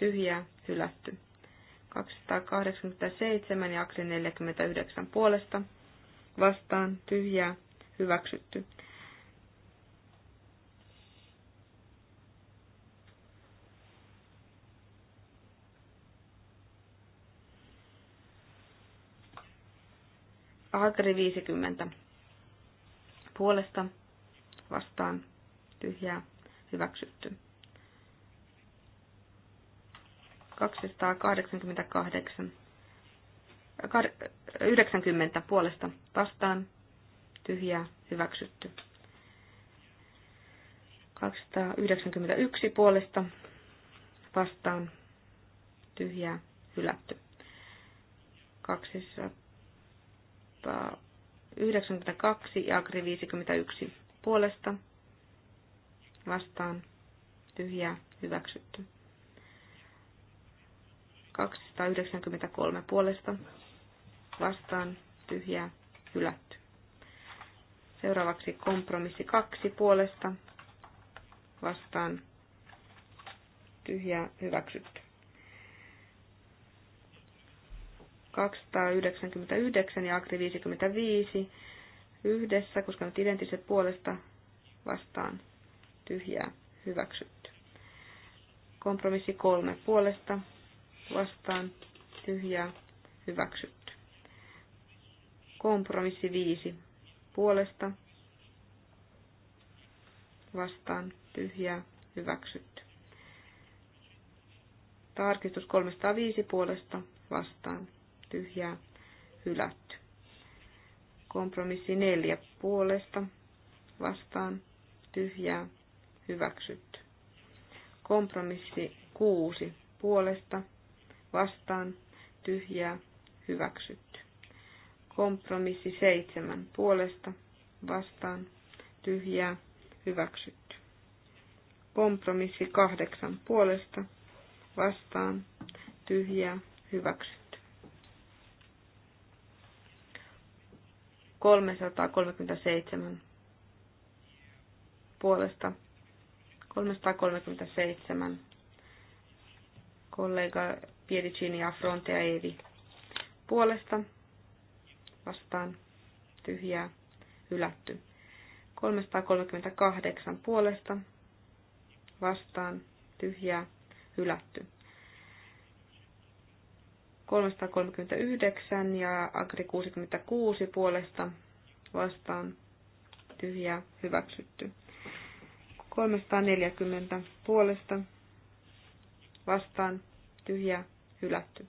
tyhjää, hylätty. 287 ja 49 puolesta vastaan tyhjää, hyväksytty. Agri 50 puolesta vastaan tyhjää hyväksytty. 288. 90 puolesta vastaan tyhjää hyväksytty. 291 puolesta vastaan tyhjää hylätty. 292 ja Agri 51 puolesta vastaan tyhjää hyväksytty. 293 puolesta vastaan tyhjää hylätty. Seuraavaksi kompromissi 2 puolesta vastaan tyhjää hyväksytty. 299 ja Agri 55 yhdessä, koska ne identtiset puolesta vastaan tyhjää hyväksytty. Kompromissi kolme puolesta vastaan tyhjää hyväksytty. Kompromissi viisi puolesta vastaan tyhjää hyväksytty. Tarkistus 305 puolesta vastaan tyhjää hylätty. Kompromissi 4 puolesta vastaan tyhjää hyväksytty. Kompromissi 6 puolesta vastaan tyhjää hyväksytty. Kompromissi seitsemän puolesta vastaan tyhjää hyväksytty. Kompromissi kahdeksan puolesta vastaan tyhjää hyväksytty. 337 puolesta 337 kollega Piedicini, Fronte ja Eevi puolesta vastaan tyhjää hylätty. 338 puolesta vastaan tyhjää hylätty. 339 ja Agri 66 puolesta vastaan tyhjää hyväksytty. 340 puolesta vastaan tyhjää hylätty.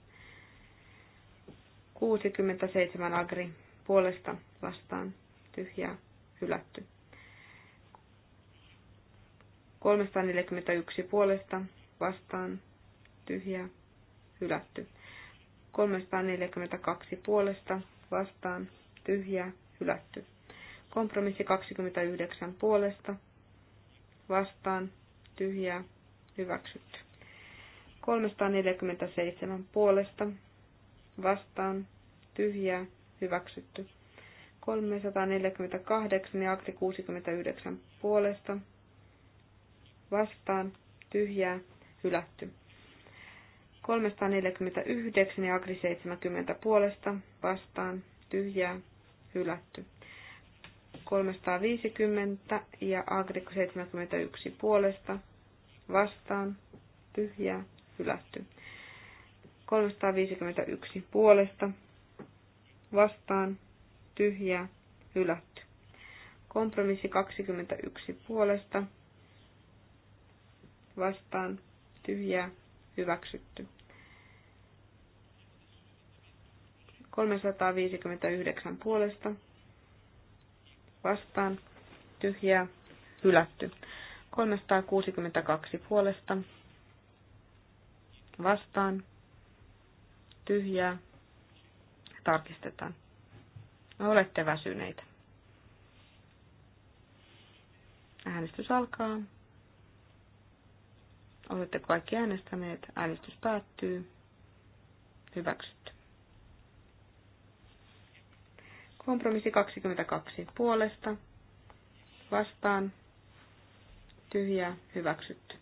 67 agri puolesta vastaan tyhjää hylätty. 341 puolesta vastaan tyhjää hylätty. 342 puolesta vastaan tyhjää hylätty. Kompromissi 29 puolesta vastaan tyhjää hyväksytty. 347 puolesta vastaan tyhjää hyväksytty. 348 ja akti 69 puolesta vastaan tyhjää hylätty. 349 ja akti 70 puolesta vastaan tyhjää hylätty. 350 ja agri 71 puolesta vastaan tyhjää hylätty. 351 puolesta vastaan tyhjä hylätty. Kompromissi 21 puolesta vastaan tyhjä hyväksytty. 359 puolesta vastaan tyhjä hylätty. 362 puolesta vastaan, tyhjää, tarkistetaan. Olette väsyneitä. Äänestys alkaa. Olette kaikki äänestäneet. Äänestys päättyy. Hyväksytty. Kompromissi 22 puolesta. Vastaan. Tyhjää. Hyväksytty.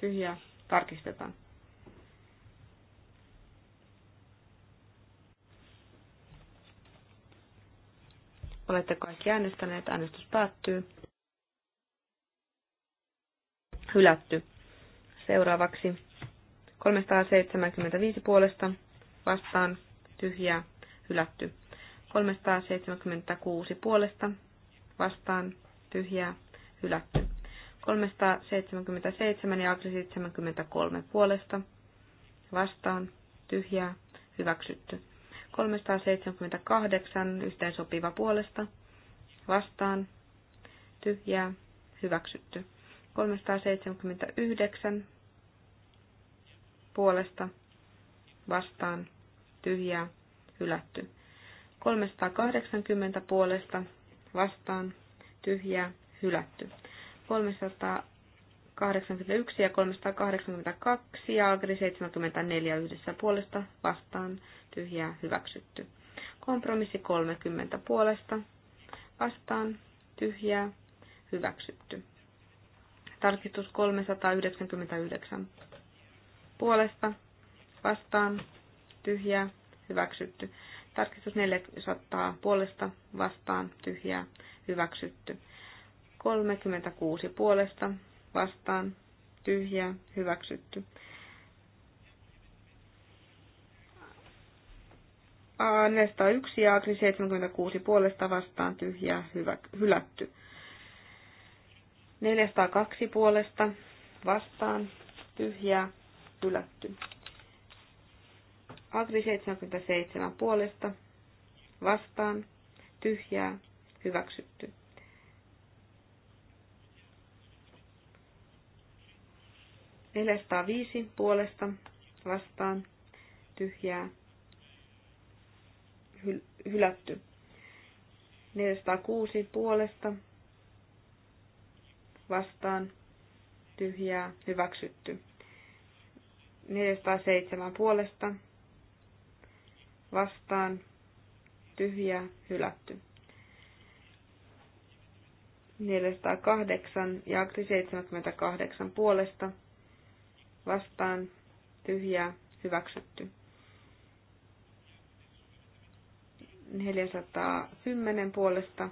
tyhjää, tarkistetaan. Olette kaikki äänestäneet, äänestys päättyy. Hylätty. Seuraavaksi 375 puolesta vastaan tyhjää, hylätty. 376 puolesta vastaan tyhjää, hylätty. 377 ja Agri 73 puolesta. Vastaan. Tyhjää. Hyväksytty. 378 yhteen sopiva puolesta. Vastaan. Tyhjää. Hyväksytty. 379 puolesta. Vastaan. Tyhjää. Hylätty. 380 puolesta. Vastaan. Tyhjää. Hylätty. 381 ja 382 ja Agri 74 yhdessä puolesta vastaan tyhjää hyväksytty. Kompromissi 30 puolesta vastaan tyhjää hyväksytty. Tarkistus 399 puolesta vastaan tyhjää hyväksytty. Tarkistus 400 puolesta vastaan tyhjää hyväksytty. 36 puolesta vastaan tyhjä hyväksytty. Nesta 1 ja Agri 76 puolesta vastaan tyhjä hyvä, hylätty. 402 puolesta vastaan tyhjä hylätty. Agri 77 puolesta vastaan tyhjää hyväksytty. 405 puolesta vastaan tyhjää hyl- hylätty. 406 puolesta vastaan tyhjää hyväksytty. 407 puolesta vastaan tyhjää hylätty. 408 ja 78 puolesta vastaan tyhjää hyväksytty. 410 puolesta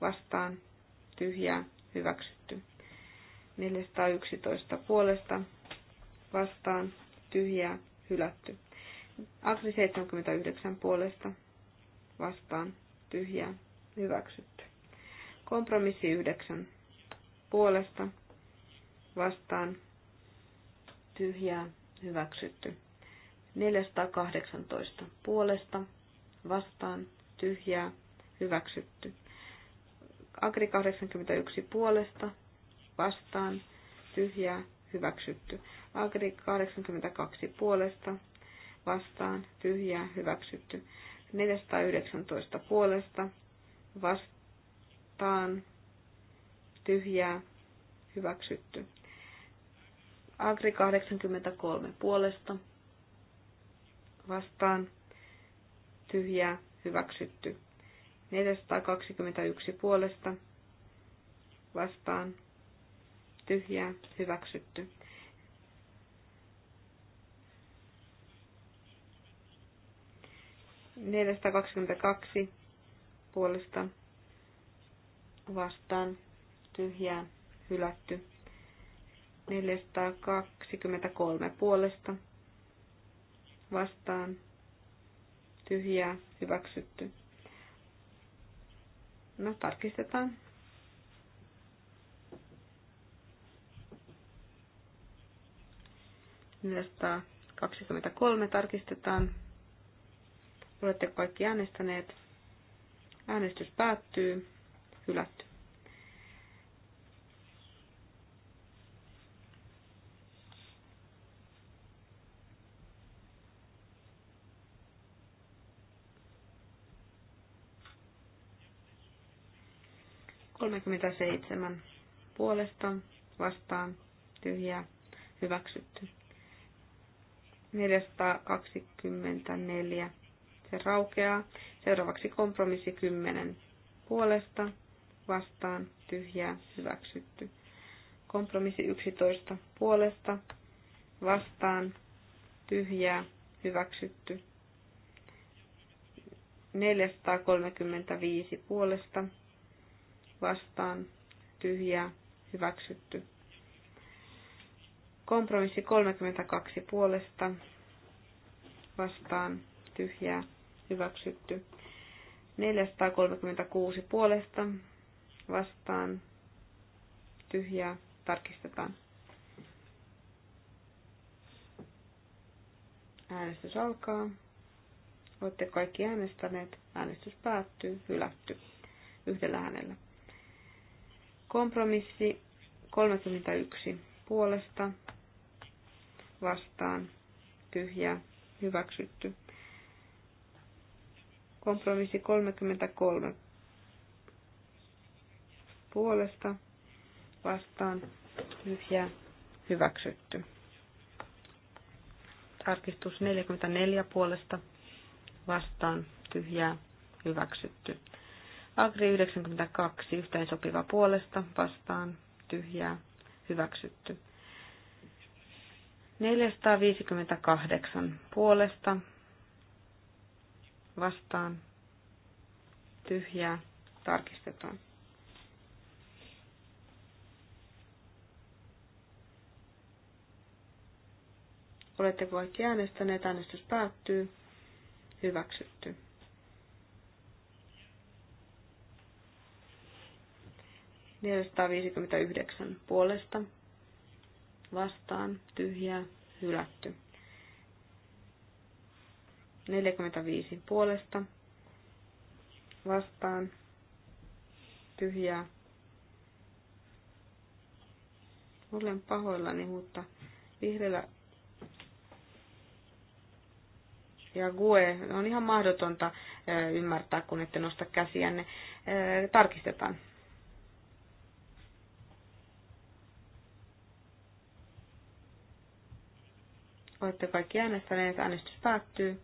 vastaan tyhjää hyväksytty. 411 puolesta vastaan tyhjää hylätty. Akri 79 puolesta vastaan tyhjää hyväksytty. Kompromissi 9 puolesta vastaan tyhjää, hyväksytty. 418 puolesta, vastaan, tyhjää, hyväksytty. Agri 81 puolesta, vastaan, tyhjää, hyväksytty. Agri 82 puolesta, vastaan, tyhjää, hyväksytty. 419 puolesta, vastaan, tyhjää, hyväksytty. Agri 83 puolesta vastaan tyhjää hyväksytty. 421 puolesta vastaan tyhjää hyväksytty. Neljästä kaksikymmentäkaksi puolesta vastaan tyhjään hylätty. 423 puolesta vastaan tyhjää hyväksytty. No tarkistetaan. Neljästä 23 tarkistetaan. Olette kaikki äänestäneet. Äänestys päättyy. Hylätty. 37 puolesta vastaan tyhjää hyväksytty. 424 se raukeaa. Seuraavaksi kompromissi 10 puolesta vastaan tyhjää hyväksytty. Kompromissi 11 puolesta vastaan tyhjää hyväksytty. 435 puolesta vastaan tyhjää hyväksytty. Kompromissi 32 puolesta vastaan tyhjää hyväksytty. 436 puolesta vastaan tyhjää tarkistetaan. Äänestys alkaa. Olette kaikki äänestäneet. Äänestys päättyy. Hylätty. Yhdellä äänellä. Kompromissi 31 puolesta vastaan tyhjä hyväksytty. Kompromissi 33 puolesta vastaan tyhjä hyväksytty. Tarkistus 44 puolesta vastaan tyhjää hyväksytty. Agri 92 yhteensopiva puolesta vastaan tyhjää hyväksytty. 458 puolesta vastaan tyhjää tarkistetaan. Oletteko kaikki äänestäneet, äänestys päättyy, hyväksytty. 459 puolesta vastaan tyhjää hylätty. 45 puolesta vastaan tyhjää. Olen pahoillani, mutta vihreällä ja GUE on ihan mahdotonta ymmärtää, kun ette nosta käsiänne. Tarkistetaan. Olette kaikki äänestäneet. Äänestys päättyy.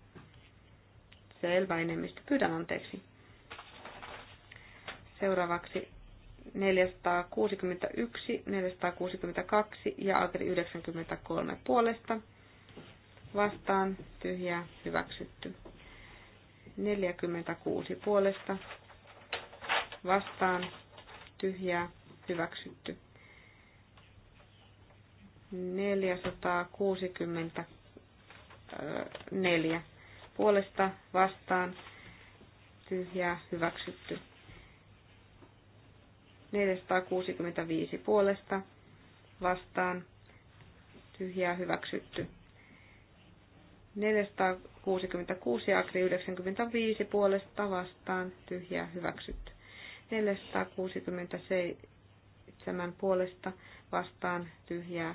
Selvä enemmistö. Pyydän anteeksi. Seuraavaksi 461, 462 ja Agri 93 puolesta. Vastaan tyhjä hyväksytty. 46 puolesta. Vastaan tyhjä hyväksytty. 464 puolesta vastaan tyhjää hyväksytty. 465 puolesta vastaan tyhjää hyväksytty. 466 akri 95 puolesta vastaan tyhjää hyväksytty. 467 puolesta vastaan tyhjää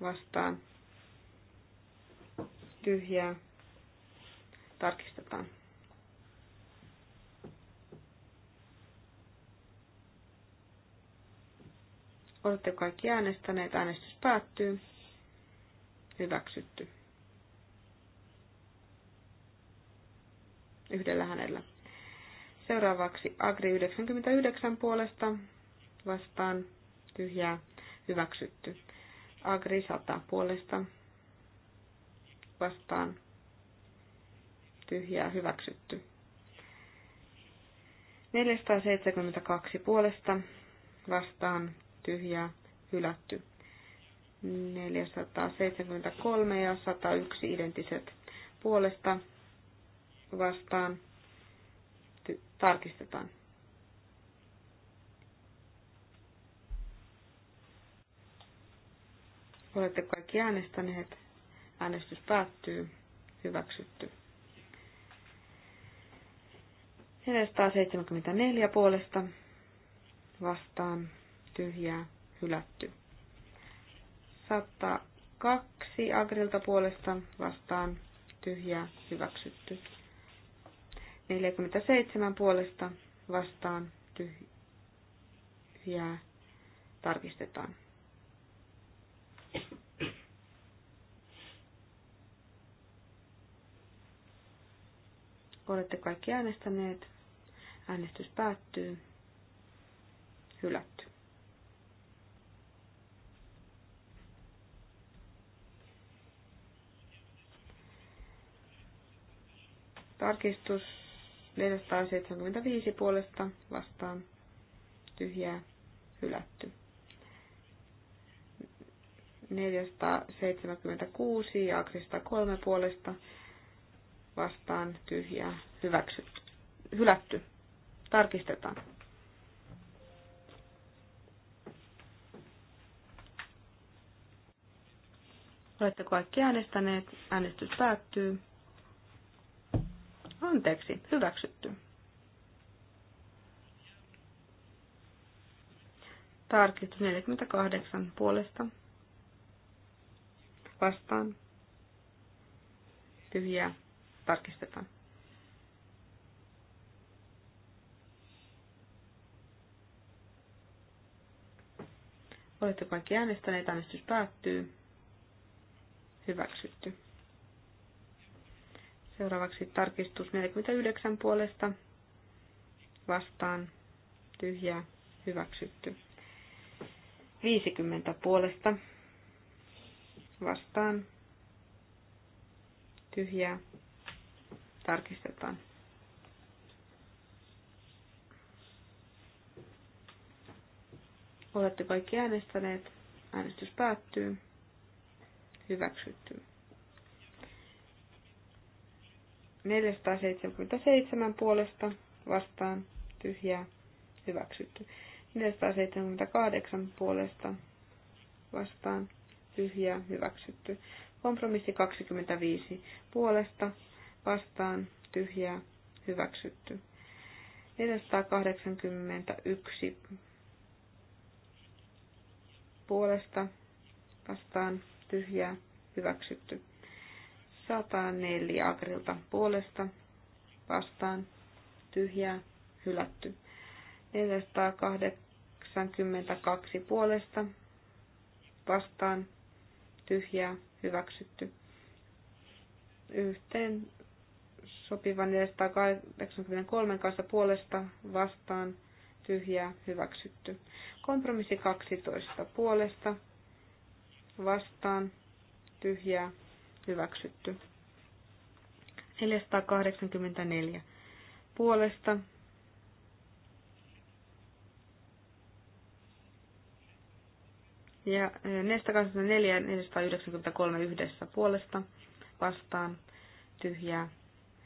vastaan tyhjää tarkistetaan. Olette kaikki äänestäneet. Äänestys päättyy. Hyväksytty. Yhdellä hänellä. Seuraavaksi Agri 99 puolesta vastaan tyhjää hyväksytty. Agri 100 puolesta vastaan tyhjää hyväksytty. 472 puolesta vastaan tyhjää hylätty. 473 ja 101 identiset puolesta vastaan ty- tarkistetaan. Olette kaikki äänestäneet. Äänestys päättyy. Hyväksytty. 474 puolesta vastaan tyhjää hylätty. 102 Agrilta puolesta vastaan tyhjää hyväksytty. 47 puolesta vastaan tyhjää tarkistetaan. Olette kaikki äänestäneet. Äänestys päättyy. Hylätty. Tarkistus 475 puolesta vastaan tyhjää hylätty. 476 ja 203 puolesta vastaan tyhjää hyväksytty. Hylätty. Tarkistetaan. Olette kaikki äänestäneet. Äänestys päättyy. Anteeksi, hyväksytty. Tarkistus 48 puolesta. Vastaan. Tyhjää tarkistetaan. Olette kaikki äänestäneet, äänestys päättyy. Hyväksytty. Seuraavaksi tarkistus 49 puolesta. Vastaan. Tyhjää. Hyväksytty. 50 puolesta. Vastaan. Tyhjää tarkistetaan. Olette kaikki äänestäneet. Äänestys päättyy. Hyväksytty. 477 puolesta vastaan tyhjää hyväksytty. 478 puolesta vastaan tyhjää hyväksytty. Kompromissi 25 puolesta vastaan tyhjää hyväksytty. 481 puolesta vastaan tyhjää hyväksytty. 104 agrilta puolesta vastaan tyhjää hylätty. 482 puolesta vastaan tyhjää hyväksytty. Yhteen sopivan 483 kanssa puolesta vastaan tyhjää hyväksytty. Kompromissi 12 puolesta vastaan tyhjää hyväksytty. 484 puolesta ja 484 ja 493 yhdessä puolesta vastaan tyhjää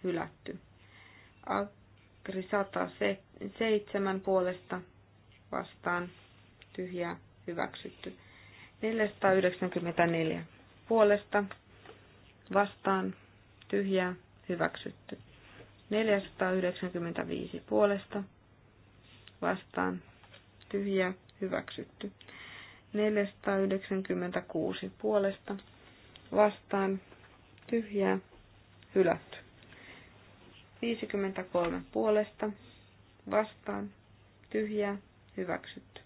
hylätty. Agri 107 puolesta vastaan tyhjää hyväksytty. 494 puolesta vastaan tyhjää hyväksytty. 495 puolesta vastaan tyhjää hyväksytty. 496 puolesta vastaan tyhjää hylätty. 53 puolesta vastaan tyhjää hyväksytty.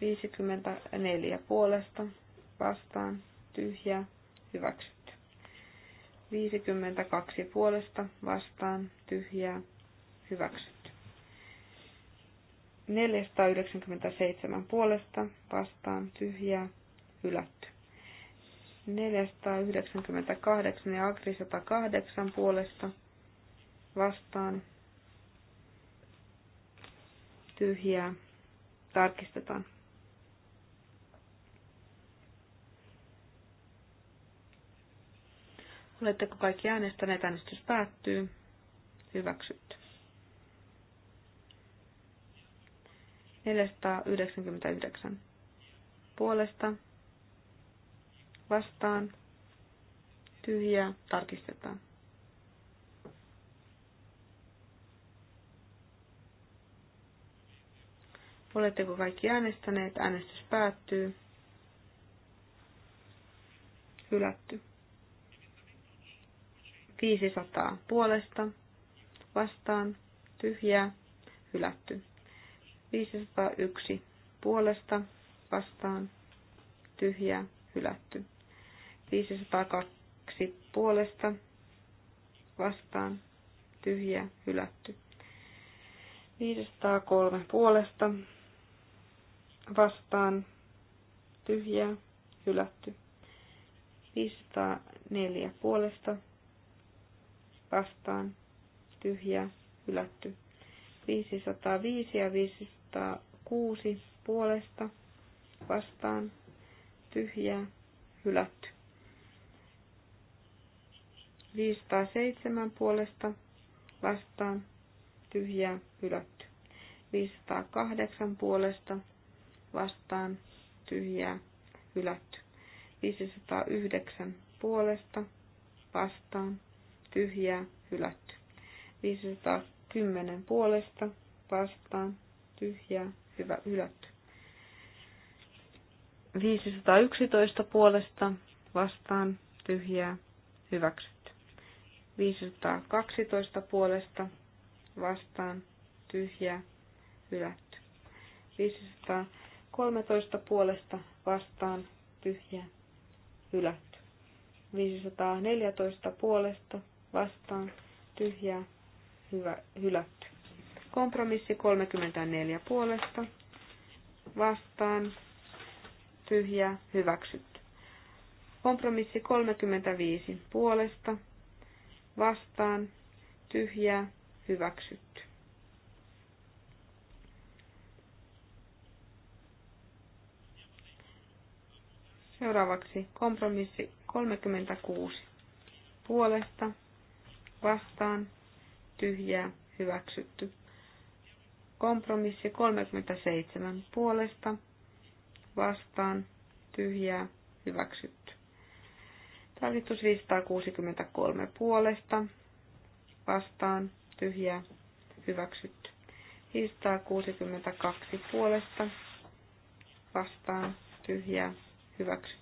54 puolesta vastaan tyhjää hyväksytty. 52 puolesta vastaan tyhjää hyväksytty. 497 puolesta vastaan tyhjää hylätty. 498 ja Agri 108 puolesta vastaan tyhjää tarkistetaan. Oletteko kaikki äänestäneet? Äänestys päättyy. Hyväksytty. 499 puolesta vastaan tyhjää tarkistetaan. Oletteko kaikki äänestäneet? Äänestys päättyy. Hylätty. 500 puolesta. Vastaan. Tyhjää. Hylätty. 501 puolesta. Vastaan. Tyhjää. Hylätty. 502 puolesta. Vastaan. Tyhjää. Hylätty. 503 puolesta vastaan tyhjää hylätty. 504 puolesta vastaan tyhjää hylätty. 505 ja 506 puolesta vastaan tyhjää hylätty. 507 puolesta vastaan tyhjää hylätty. 508 puolesta vastaan tyhjää hylätty. 509 puolesta vastaan tyhjää hylätty. 510 puolesta vastaan tyhjää hyvä hylätty. 511 puolesta vastaan tyhjää hyväksytty. 512 puolesta vastaan tyhjää hylätty. 513 13 puolesta vastaan tyhjä hylätty. 514 puolesta vastaan tyhjä hyvä, hylätty. Kompromissi 34 puolesta vastaan tyhjä hyväksytty. Kompromissi 35 puolesta vastaan tyhjä hyväksytty. Seuraavaksi kompromissi 36. Puolesta, vastaan, tyhjää, hyväksytty. Kompromissi 37. Puolesta, vastaan, tyhjää, hyväksytty. Tarkistus 563 puolesta, vastaan, tyhjää, hyväksytty. 562 puolesta, vastaan, tyhjää, hyväksytty.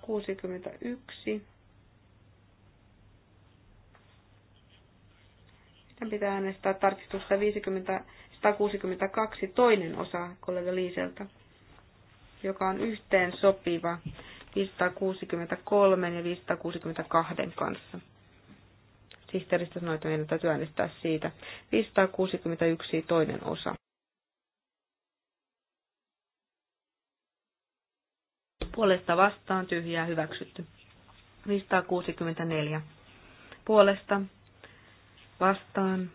561. Sitten pitää äänestää tarkistusta 50, 162 toinen osa kollega Liiseltä, joka on yhteen sopiva 563 ja 562 kanssa. Sihteeristä sanoi, että meidän täytyy äänestää siitä. 561 toinen osa. puolesta vastaan tyhjää hyväksytty. 564 puolesta vastaan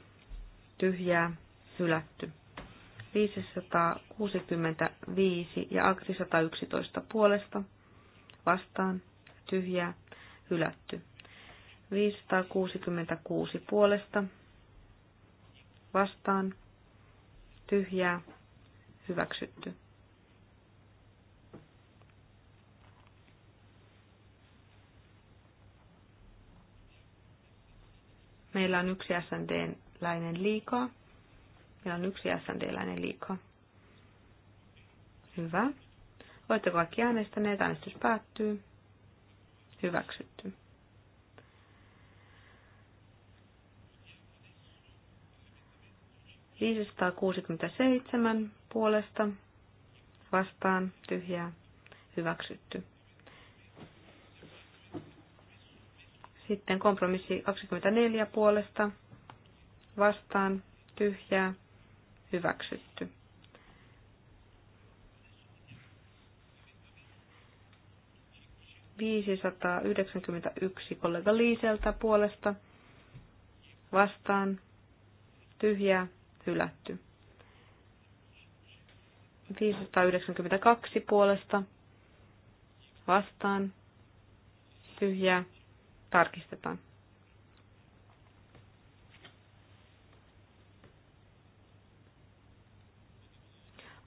tyhjää hylätty. 565 ja Akti 111 puolesta vastaan tyhjää hylätty. 566 puolesta vastaan tyhjää hyväksytty. Meillä on yksi SND-läinen liikaa. Meillä on yksi SND-läinen liikaa. Hyvä. Oletteko kaikki äänestäneet? Äänestys päättyy. Hyväksytty. seitsemän puolesta vastaan tyhjää hyväksytty. Sitten kompromissi 24 puolesta vastaan tyhjää hyväksytty. yksi kollega Liiseltä puolesta vastaan tyhjää hylätty. 592 puolesta vastaan tyhjää tarkistetaan.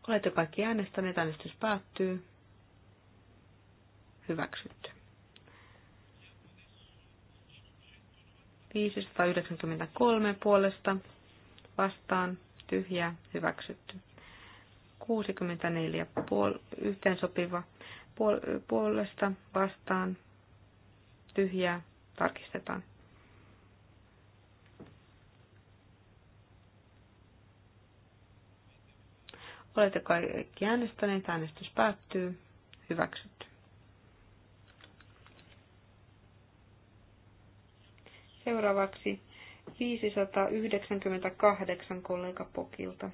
Olette kaikki äänestäneet, äänestys päättyy. Hyväksytty. 593 puolesta vastaan tyhjä hyväksytty. 64 puol- yhteensopiva puol- puolesta vastaan tyhjä tarkistetaan. Olette kaikki äänestäneet, äänestys päättyy, hyväksytty. Seuraavaksi 598 kollega Pokilta.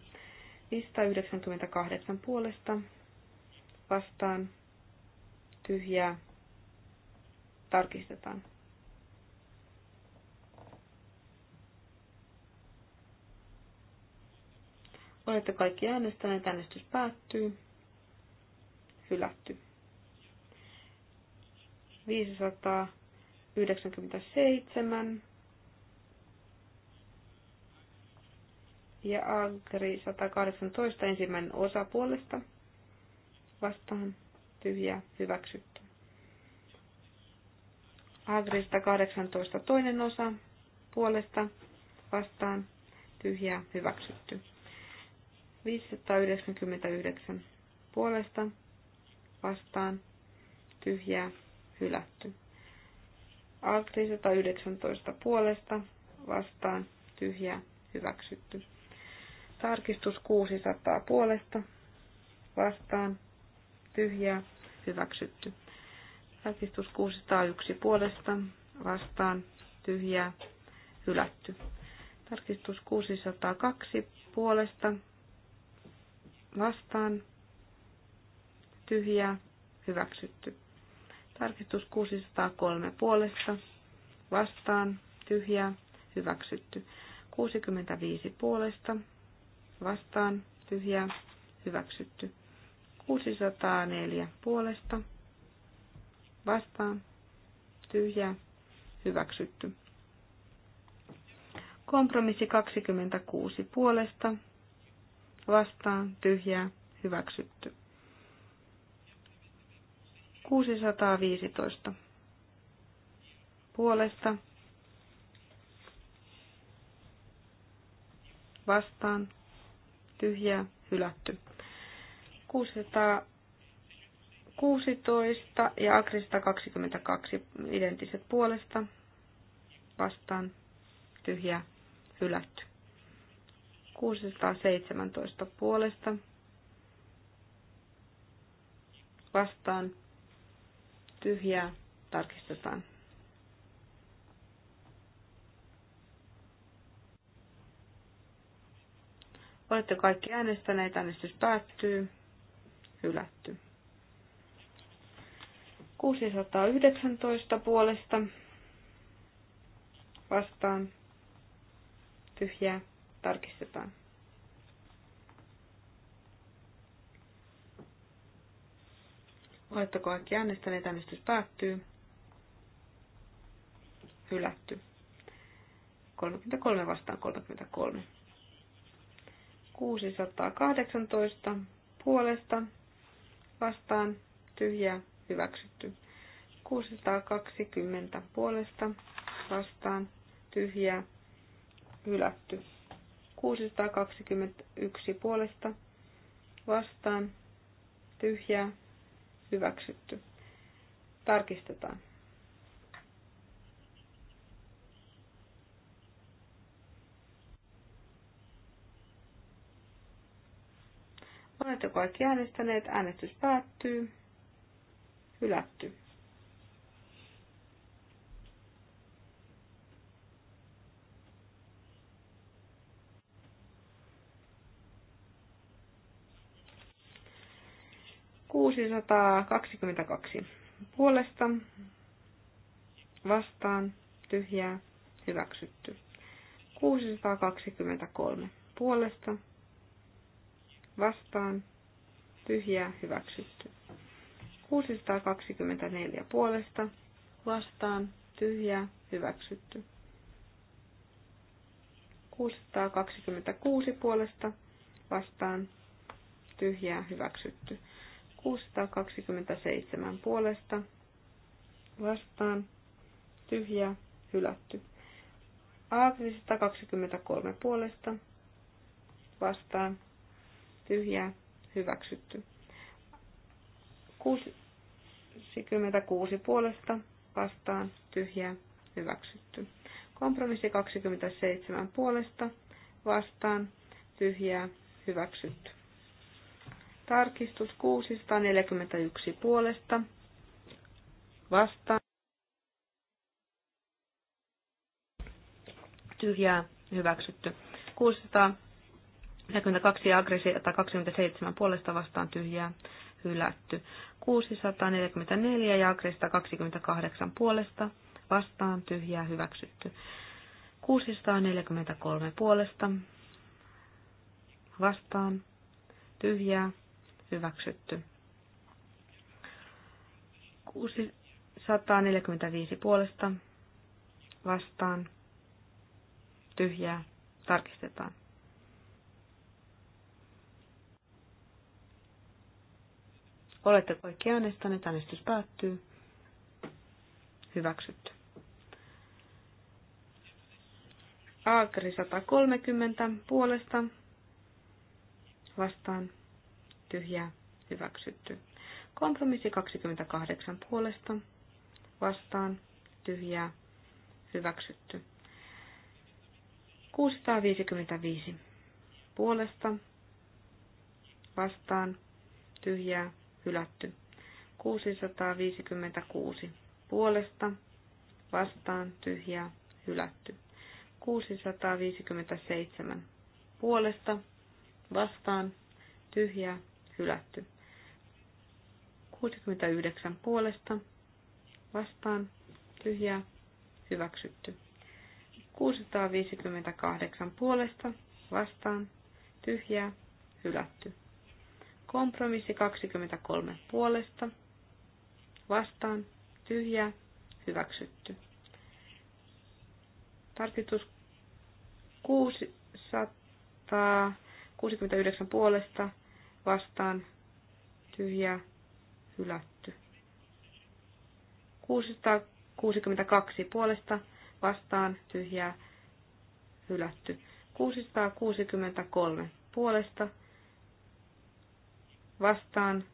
598 puolesta vastaan tyhjää tarkistetaan. Olette kaikki äänestäneet, äänestys päättyy. Hylätty. 597 ja Agri 118 ensimmäinen osa puolesta vastaan tyhjä hyväksytty. Agri 118 toinen osa puolesta vastaan tyhjä hyväksytty. 599 puolesta vastaan tyhjää hylätty. Alt 119 puolesta vastaan tyhjää hyväksytty. Tarkistus 600 puolesta vastaan tyhjää hyväksytty. Tarkistus 601 puolesta vastaan tyhjää hylätty. Tarkistus 602 puolesta vastaan, tyhjää, hyväksytty. Tarkistus 603 puolesta, vastaan, tyhjää, hyväksytty. 65 puolesta, vastaan, tyhjää, hyväksytty. 604 puolesta, vastaan, tyhjää, hyväksytty. Kompromissi 26 puolesta, vastaan tyhjää hyväksytty. 615 puolesta vastaan tyhjää hylätty. 616 ja Akrista 22 identiset puolesta vastaan tyhjää hylätty. 617 puolesta vastaan tyhjää tarkistetaan. Olette kaikki äänestäneet, äänestys päättyy, hylätty. 619 puolesta vastaan tyhjää tarkistetaan. Oletteko kaikki äänestäneet? Äänestys päättyy. Hylätty. 33 vastaan 33. 618 puolesta vastaan tyhjä hyväksytty. 620 puolesta vastaan tyhjä hylätty. 621 puolesta vastaan tyhjää hyväksytty. Tarkistetaan. Oletteko kaikki äänestäneet? Äänestys päättyy. Hylätty. 622 puolesta vastaan tyhjää hyväksytty. 623 puolesta vastaan tyhjää hyväksytty. 624 puolesta vastaan tyhjää hyväksytty. 626 puolesta vastaan tyhjää hyväksytty. 627 puolesta vastaan tyhjä hylätty. a 123 puolesta vastaan tyhjä hyväksytty. 66 puolesta vastaan tyhjä hyväksytty. Kompromissi 27 puolesta vastaan tyhjä hyväksytty. Tarkistus 641 puolesta. Vastaan. Tyhjää. Hyväksytty. 642 aggressiota 27 puolesta vastaan tyhjää hylätty. 644 ja aggressiota 28 puolesta vastaan tyhjää hyväksytty. 643 puolesta vastaan tyhjää hyväksytty. 645 puolesta vastaan tyhjää tarkistetaan. Olette oikein äänestäneet, äänestys päättyy. Hyväksytty. Aakri 130 puolesta vastaan tyhjää, hyväksytty. Kompromissi 28 puolesta, vastaan, tyhjää, hyväksytty. 655 puolesta, vastaan, tyhjää, hylätty. 656 puolesta, vastaan, tyhjää, hylätty. 657 puolesta, vastaan, tyhjää, hylätty. 69 puolesta vastaan tyhjää hyväksytty. 658 puolesta vastaan tyhjää hylätty. Kompromissi 23 puolesta vastaan tyhjää hyväksytty. Tarkistus 669 puolesta vastaan tyhjää hylätty. 662 puolesta vastaan tyhjää hylätty. 663 puolesta vastaan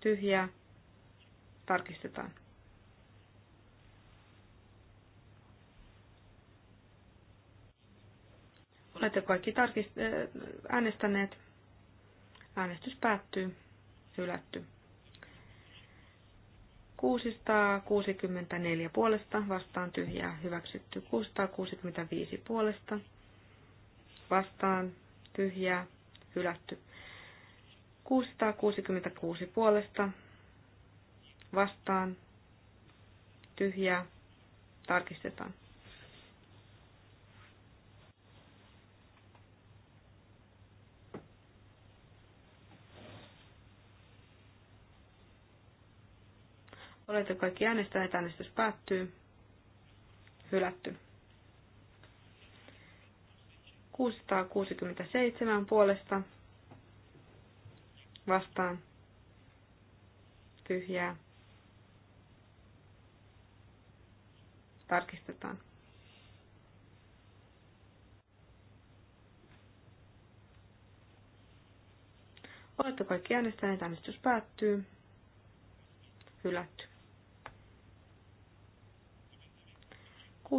tyhjää tarkistetaan. Olette kaikki tarkist- äänestäneet. Äänestys päättyy. Hylätty. 664 puolesta vastaan tyhjää hyväksytty. 665 puolesta vastaan tyhjää hylätty. 666 puolesta vastaan tyhjää tarkistetaan. Olette kaikki äänestäneet, äänestys päättyy. Hylätty. 667 puolesta vastaan tyhjää. Tarkistetaan. Oletko kaikki äänestäneet, äänestys päättyy. Hylätty.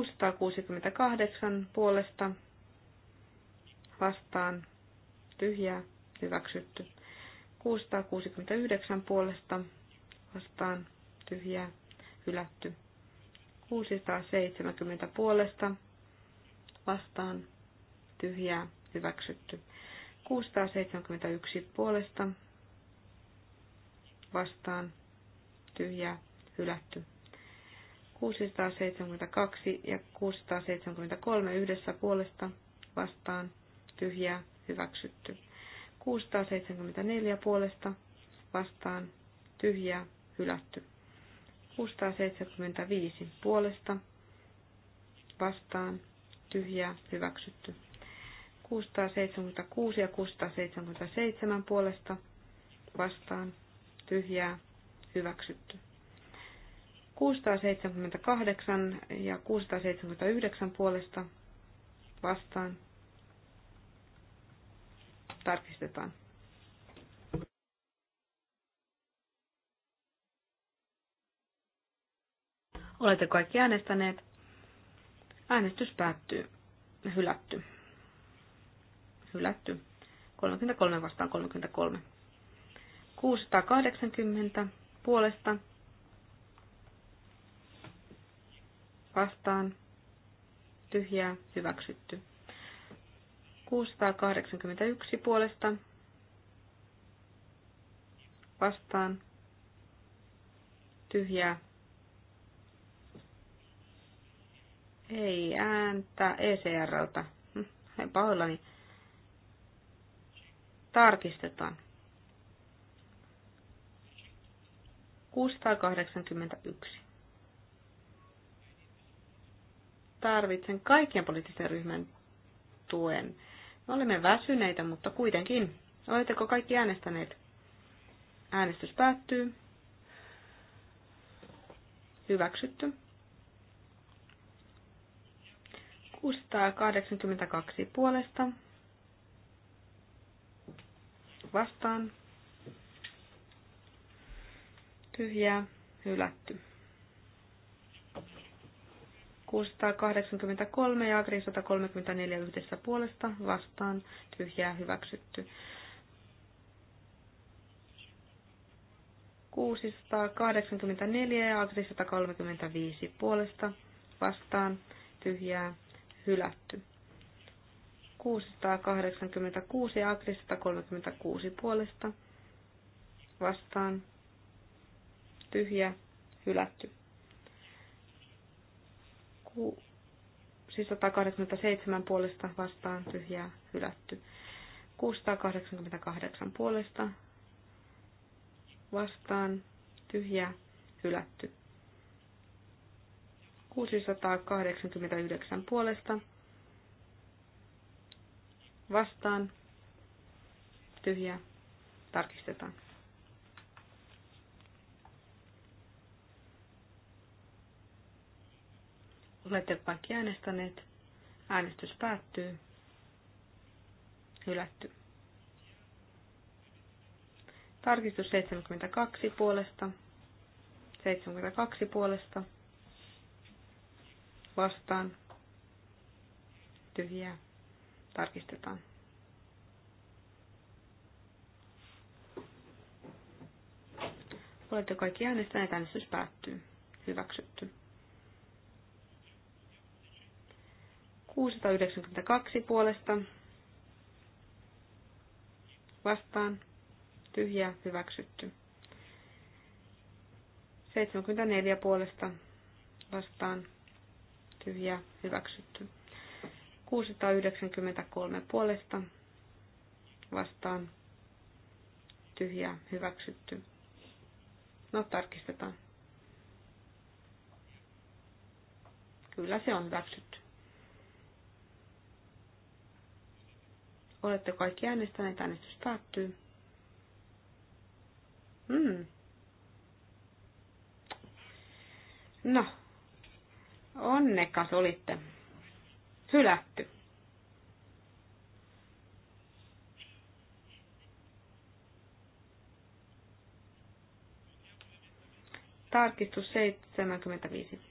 668 puolesta vastaan tyhjää hyväksytty. 669 puolesta vastaan tyhjää hylätty. 670 puolesta vastaan tyhjää hyväksytty. 671 puolesta vastaan tyhjää hylätty. 672 ja 673 yhdessä puolesta vastaan tyhjää hyväksytty. 674 puolesta vastaan tyhjää hylätty. 675 puolesta vastaan tyhjää hyväksytty. 676 ja 677 puolesta vastaan tyhjää hyväksytty. 678 ja 679 puolesta vastaan. Tarkistetaan. Olette kaikki äänestäneet. Äänestys päättyy. Hylätty. Hylätty. 33 vastaan 33. 680 puolesta vastaan tyhjää hyväksytty. 681 puolesta vastaan tyhjää. Ei ääntä ECRltä. Hm, en pahoillani. Tarkistetaan. 681. tarvitsen kaikkien poliittisten ryhmän tuen. Me olemme väsyneitä, mutta kuitenkin. Oletteko kaikki äänestäneet? Äänestys päättyy. Hyväksytty. 682 puolesta. Vastaan. Tyhjää. Hylätty. 683 ja Agri 134 yhdessä puolesta vastaan tyhjää hyväksytty. 684 ja Agri 135 puolesta vastaan tyhjää hylätty. 686 ja Agri 136 puolesta vastaan tyhjä hylätty. 687 siis puolesta vastaan tyhjää hylätty. 688 puolesta vastaan tyhjää hylätty. 689 puolesta vastaan tyhjää tarkistetaan. Olette kaikki äänestäneet. Äänestys päättyy. Hylätty. Tarkistus 72 puolesta. 72 puolesta. Vastaan. Tyhjää. Tarkistetaan. Olette kaikki äänestäneet. Äänestys päättyy. Hyväksytty. 692 puolesta vastaan tyhjä hyväksytty. 74 puolesta vastaan tyhjä hyväksytty. 693 puolesta vastaan tyhjä hyväksytty. No tarkistetaan. Kyllä se on hyväksytty. Olette kaikki äänestäneet, äänestys päättyy. Mm. No, onnekas olitte. Hylätty. Tarkistus 75.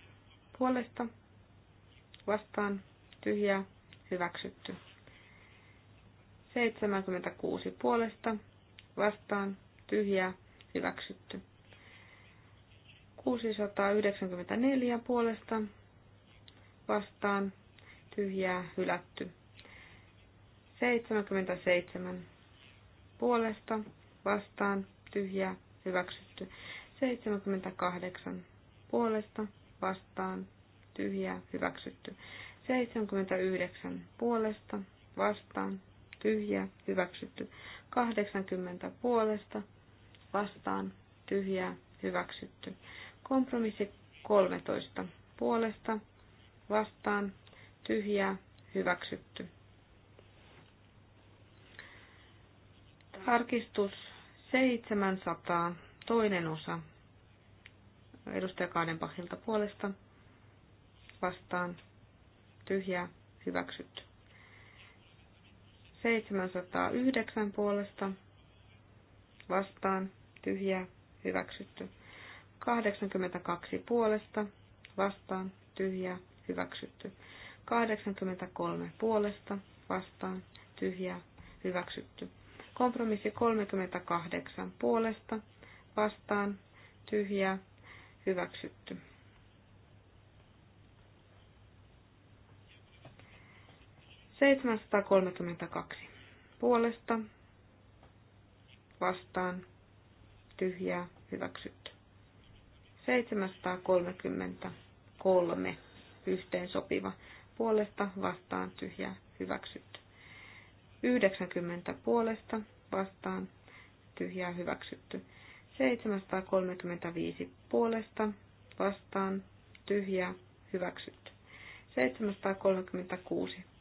Puolesta vastaan tyhjää hyväksytty. 76 puolesta vastaan tyhjää hyväksytty. 694 puolesta vastaan tyhjää hylätty. 77 puolesta vastaan tyhjää hyväksytty. 78 puolesta vastaan tyhjää hyväksytty. 79 puolesta vastaan tyhjä hyväksytty. 80 puolesta, vastaan, tyhjä hyväksytty. Kompromissi 13 puolesta, vastaan, tyhjä hyväksytty. Tarkistus 700, toinen osa, edustaja Kaadenpahilta puolesta, vastaan, tyhjä hyväksytty. 709 puolesta vastaan tyhjä hyväksytty. 82 puolesta vastaan tyhjä hyväksytty. 83 puolesta vastaan tyhjä hyväksytty. Kompromissi 38 puolesta vastaan tyhjä hyväksytty. 732 puolesta vastaan tyhjää hyväksytty. 733 yhteen sopiva puolesta vastaan tyhjää hyväksytty. 90 puolesta vastaan tyhjää hyväksytty. 735 puolesta vastaan tyhjää hyväksytty. 736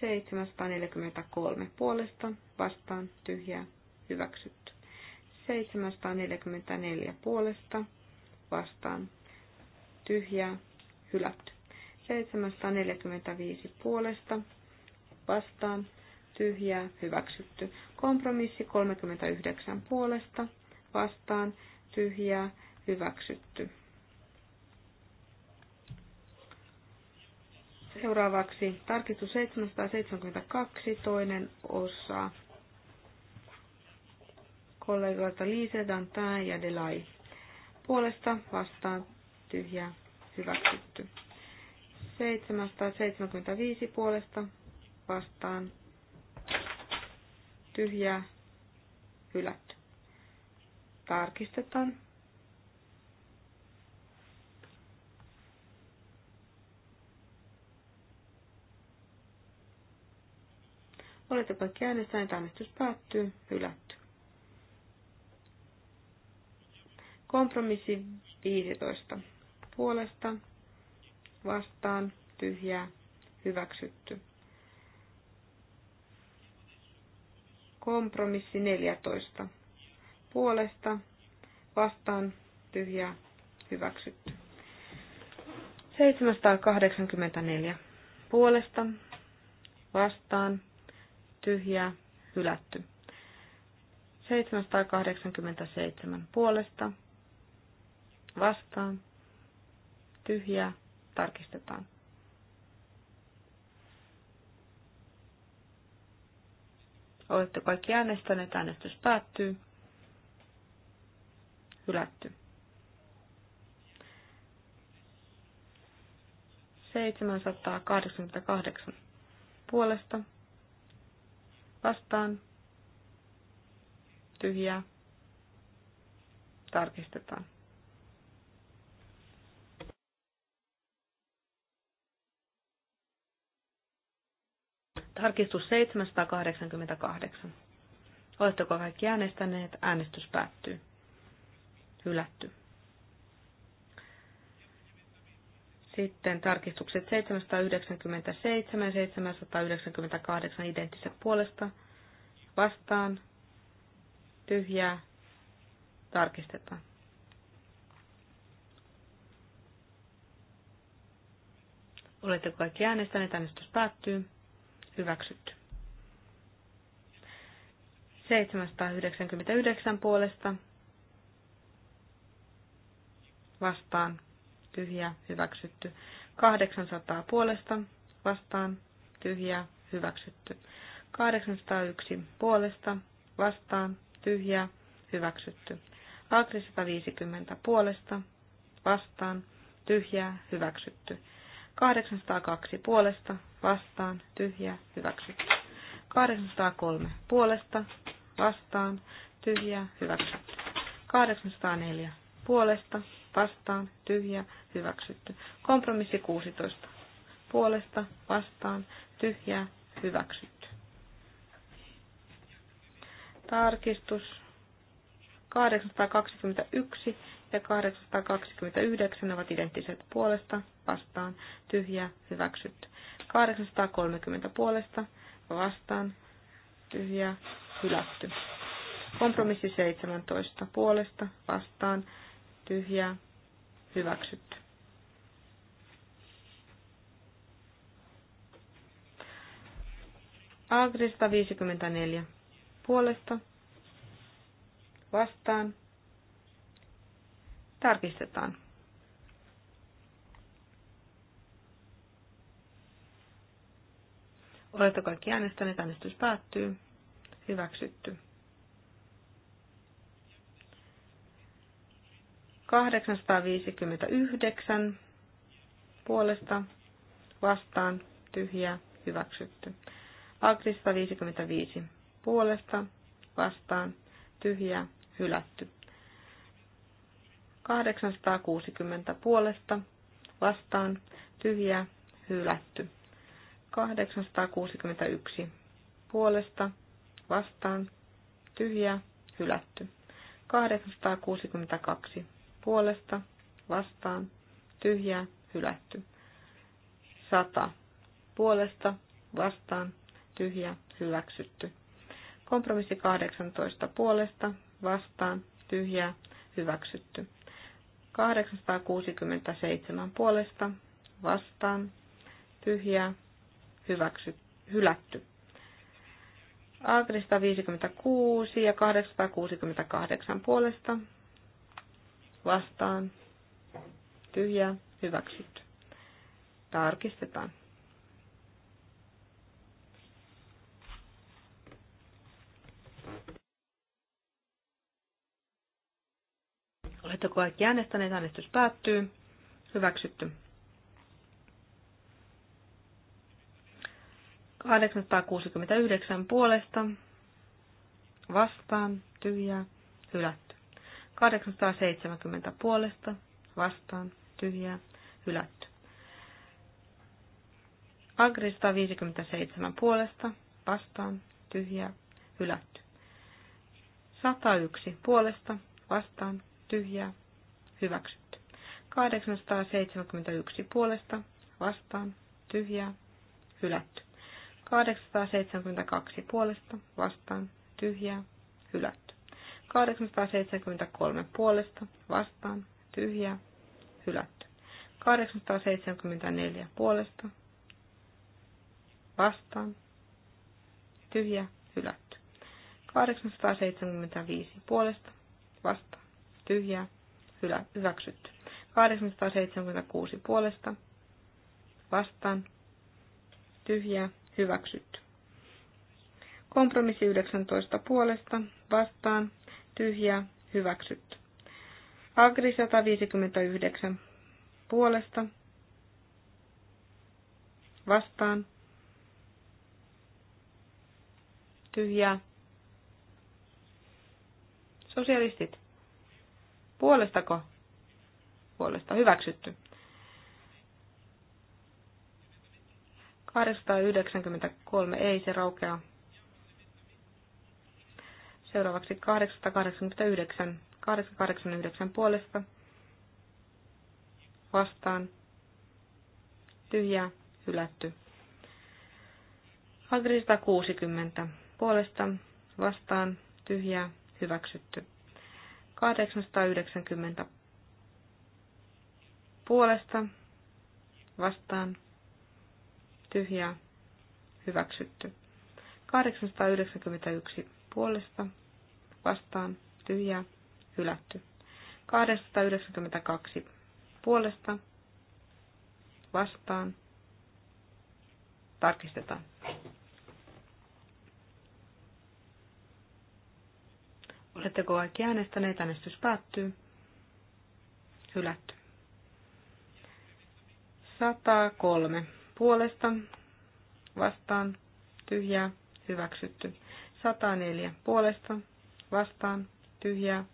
743 puolesta vastaan tyhjää hyväksytty. 744 puolesta vastaan tyhjää hylätty. 745 puolesta vastaan tyhjää hyväksytty. Kompromissi 39 puolesta vastaan tyhjää hyväksytty. Seuraavaksi tarkistus 772, toinen osa kollegoilta Liise, Dantin ja Delay. Puolesta vastaan tyhjä hyväksytty. 775 puolesta vastaan tyhjä hylätty. Tarkistetaan. Olette kaikki äänestäneet, äänestys päättyy, hylätty. Kompromissi 15. Puolesta, vastaan, tyhjää, hyväksytty. Kompromissi 14. Puolesta, vastaan, tyhjää, hyväksytty. 784. Puolesta, vastaan, tyhjää, hylätty. 787 puolesta, vastaan, tyhjää, tarkistetaan. Olette kaikki äänestäneet, äänestys päättyy. Hylätty. 788 puolesta vastaan tyhjää tarkistetaan. Tarkistus 788. Oletteko kaikki äänestäneet? Äänestys päättyy. Hylätty. Sitten tarkistukset 797 ja 798 identtiset puolesta vastaan tyhjää tarkistetaan. Oletteko kaikki äänestäneet? Äänestys päättyy. Hyväksytty. 799 puolesta vastaan tyhjä hyväksytty. 800 puolesta, vastaan, tyhjä hyväksytty. 801 puolesta, vastaan, tyhjä hyväksytty. 850 puolesta, vastaan, tyhjä hyväksytty. 802 puolesta, vastaan, tyhjä hyväksytty. 803 puolesta, vastaan, tyhjä hyväksytty. 804 puolesta, vastaan, tyhjä, hyväksytty. Kompromissi 16, puolesta, vastaan, tyhjä, hyväksytty. Tarkistus 821 ja 829 ovat identtiset puolesta, vastaan, tyhjä, hyväksytty. 830 puolesta, vastaan, tyhjä, hylätty. Kompromissi 17 puolesta, vastaan, tyhjä, Hyväksytty. Agri 154. Puolesta. Vastaan. Tarkistetaan. Oletko kaikki äänestäneet. Äänestys päättyy. Hyväksytty. 859 puolesta vastaan tyhjä hyväksytty. Agri 155 puolesta vastaan tyhjä hylätty. 860 puolesta vastaan tyhjä hylätty. 861 puolesta vastaan tyhjä hylätty. 862 puolesta vastaan tyhjää hylätty. sata puolesta vastaan tyhjä hyväksytty. Kompromissi 18 puolesta vastaan tyhjä hyväksytty. 867 puolesta vastaan tyhjää hyväksy, hylätty. Agrista 56 ja 868 puolesta vastaan, tyhjä hyväksytty. Tarkistetaan. Oletteko kaikki äänestäneet? Äänestys päättyy. Hyväksytty. 869 puolesta vastaan tyhjää hylätty. 870 puolesta vastaan tyhjää hylätty. Agri 157 puolesta vastaan tyhjää hylätty. 101 puolesta vastaan tyhjää hyväksytty. 871 puolesta vastaan tyhjää hylätty. 872 puolesta vastaan tyhjää hylätty. 873 puolesta vastaan tyhjä, hylätty. 874 puolesta vastaan tyhjä hylätty. 875 puolesta vastaan tyhjä, hylä, hyväksytty. 876 puolesta vastaan tyhjä, hyväksytty. Kompromissi 19 puolesta vastaan tyhjä, hyväksytty. Agri 159 puolesta vastaan tyhjä Sosialistit. Puolestako? Puolesta hyväksytty. 893 ei se raukea. Seuraavaksi 889. 889 puolesta vastaan tyhjää hylätty. 860 puolesta vastaan tyhjää hyväksytty. 890 puolesta vastaan tyhjää hyväksytty. 891 puolesta vastaan tyhjää hylätty. 292 puolesta vastaan tarkistetaan. Oletteko kaikki äänestäneet? Äänestys päättyy. Hylätty. 103 puolesta vastaan tyhjää hyväksytty. 104 puolesta vastaan tyhjää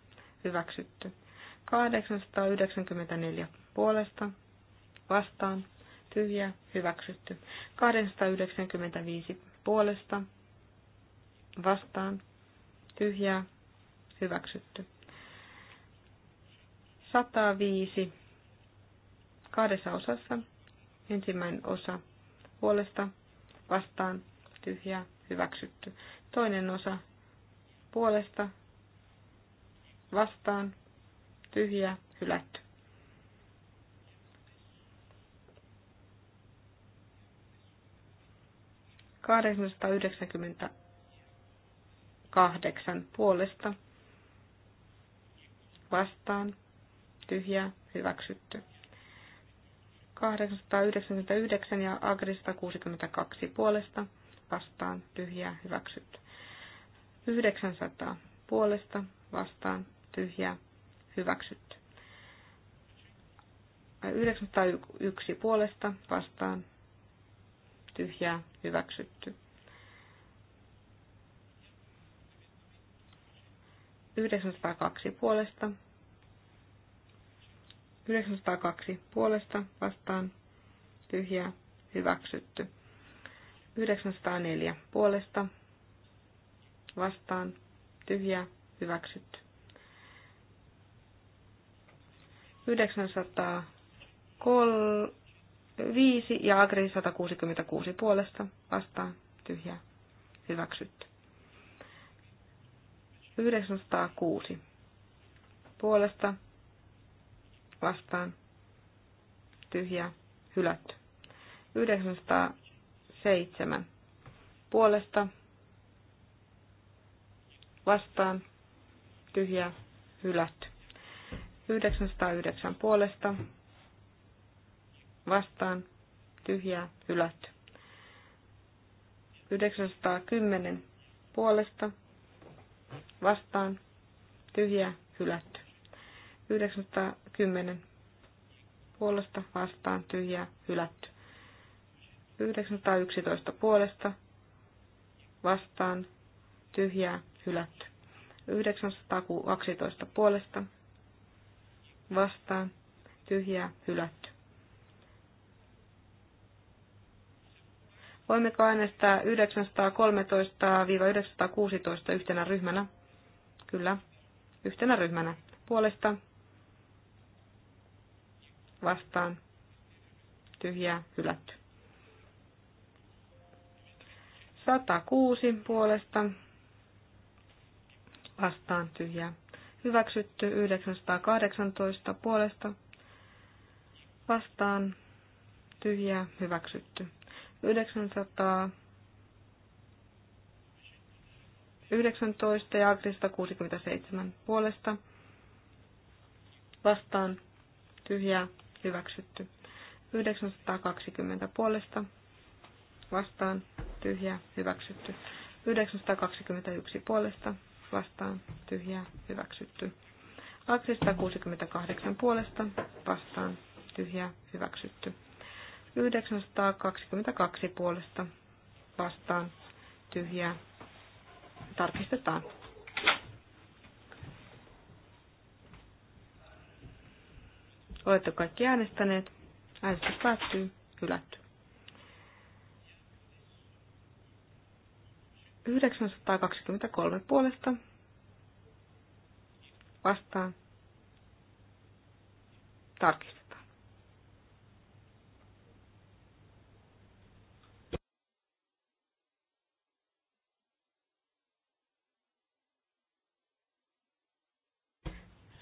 hyväksytty. 894 puolesta vastaan tyhjää hyväksytty. 895 puolesta vastaan tyhjää hyväksytty. 105 kahdessa osassa. Ensimmäinen osa puolesta vastaan tyhjää hyväksytty. Toinen osa puolesta vastaan tyhjä hylätty. kahdeksan puolesta vastaan tyhjä hyväksytty. 899 ja Agrista 62 puolesta vastaan tyhjää hyväksytty. 900 puolesta vastaan tyhjä hyväksytty. 901 puolesta vastaan tyhjää hyväksytty. 902 puolesta 902 puolesta vastaan tyhjää hyväksytty. 904 puolesta vastaan tyhjä, hyväksytty. 905 ja Agri 166 puolesta vastaan tyhjä, hyväksytty. 906 puolesta vastaan tyhjä, hylätty. 907 puolesta vastaan tyhjää hylätty. 909 puolesta vastaan tyhjää hylätty. 910 puolesta vastaan tyhjää hylätty. 910 puolesta vastaan tyhjää hylätty. 911 puolesta vastaan tyhjää hylätty. 912 puolesta vastaan tyhjää hylätty. Voimmeko äänestää 913-916 yhtenä ryhmänä? Kyllä, yhtenä ryhmänä. Puolesta vastaan tyhjää hylätty. 106 puolesta vastaan tyhjää. Hyväksytty 918 puolesta vastaan tyhjää hyväksytty. 900 19 ja 367 puolesta vastaan tyhjää hyväksytty. 920 puolesta vastaan tyhjää hyväksytty. 921 puolesta vastaan tyhjää hyväksytty. Agri 168 puolesta vastaan tyhjää hyväksytty. 922 puolesta vastaan tyhjää tarkistetaan. Olette kaikki äänestäneet. Äänestys päättyy. Hylätty. 923 puolesta vastaan tarkistetaan.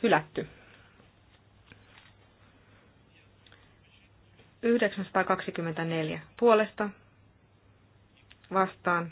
Hylätty. 924 puolesta vastaan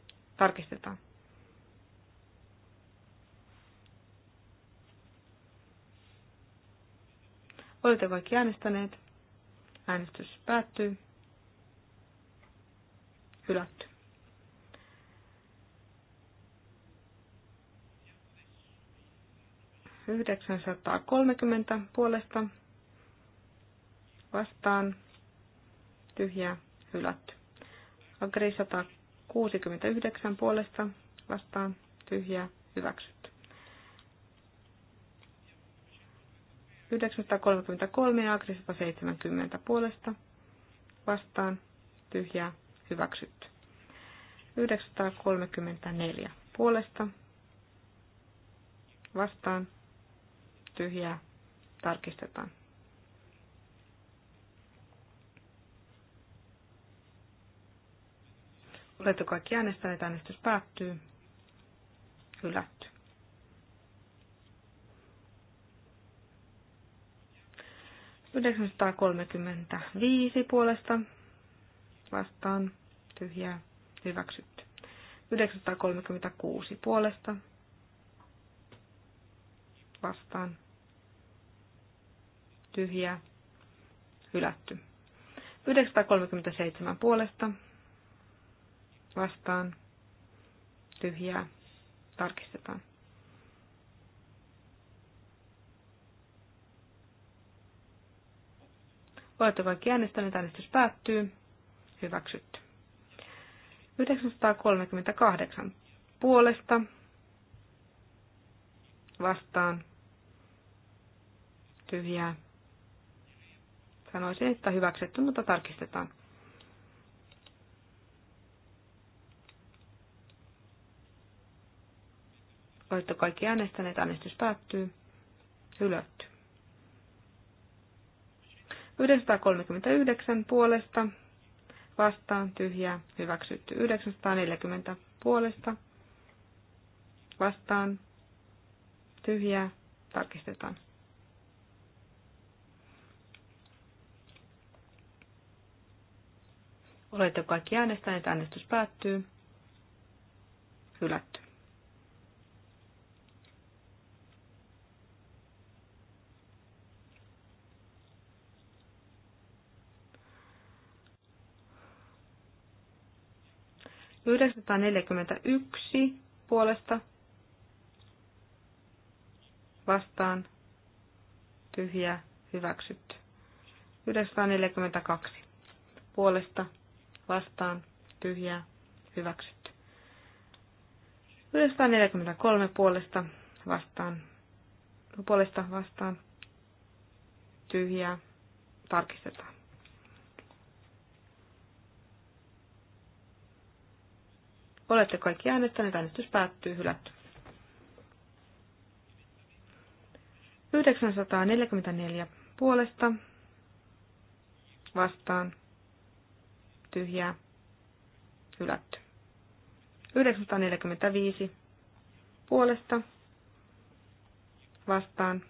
Tarkistetaan. Olette kaikki äänestäneet. Äänestys päättyy. Hylätty. kolmekymmentä puolesta vastaan Tyhjä. hylätty. Agri 69 puolesta vastaan tyhjää hyväksytty. 933 ja Agri 170 puolesta vastaan tyhjää hyväksytty. 934 puolesta vastaan tyhjää tarkistetaan. Oletko kaikki äänestäneet? Äänestys päättyy. Hylätty. viisi puolesta vastaan tyhjää hyväksytty. 936 puolesta vastaan tyhjää hylätty. 937 puolesta vastaan tyhjää tarkistetaan. Oletko kaikki äänestäneet, äänestys päättyy. Hyväksytty. 938 puolesta vastaan tyhjää. Sanoisin, että hyväksytty, mutta tarkistetaan. Olette kaikki äänestäneet, äänestys päättyy. Hylätty. 939 puolesta vastaan tyhjää hyväksytty. 940 puolesta vastaan tyhjää tarkistetaan. Olette kaikki äänestäneet, äänestys päättyy. Hylätty. 941 puolesta vastaan tyhjä hyväksytty. 942 puolesta vastaan tyhjä hyväksytty. 943 puolesta vastaan puolesta vastaan tyhjä tarkistetaan. Olette kaikki äänestäneet, äänestys päättyy, hylätty. 944 puolesta vastaan tyhjää hylätty. 945 puolesta vastaan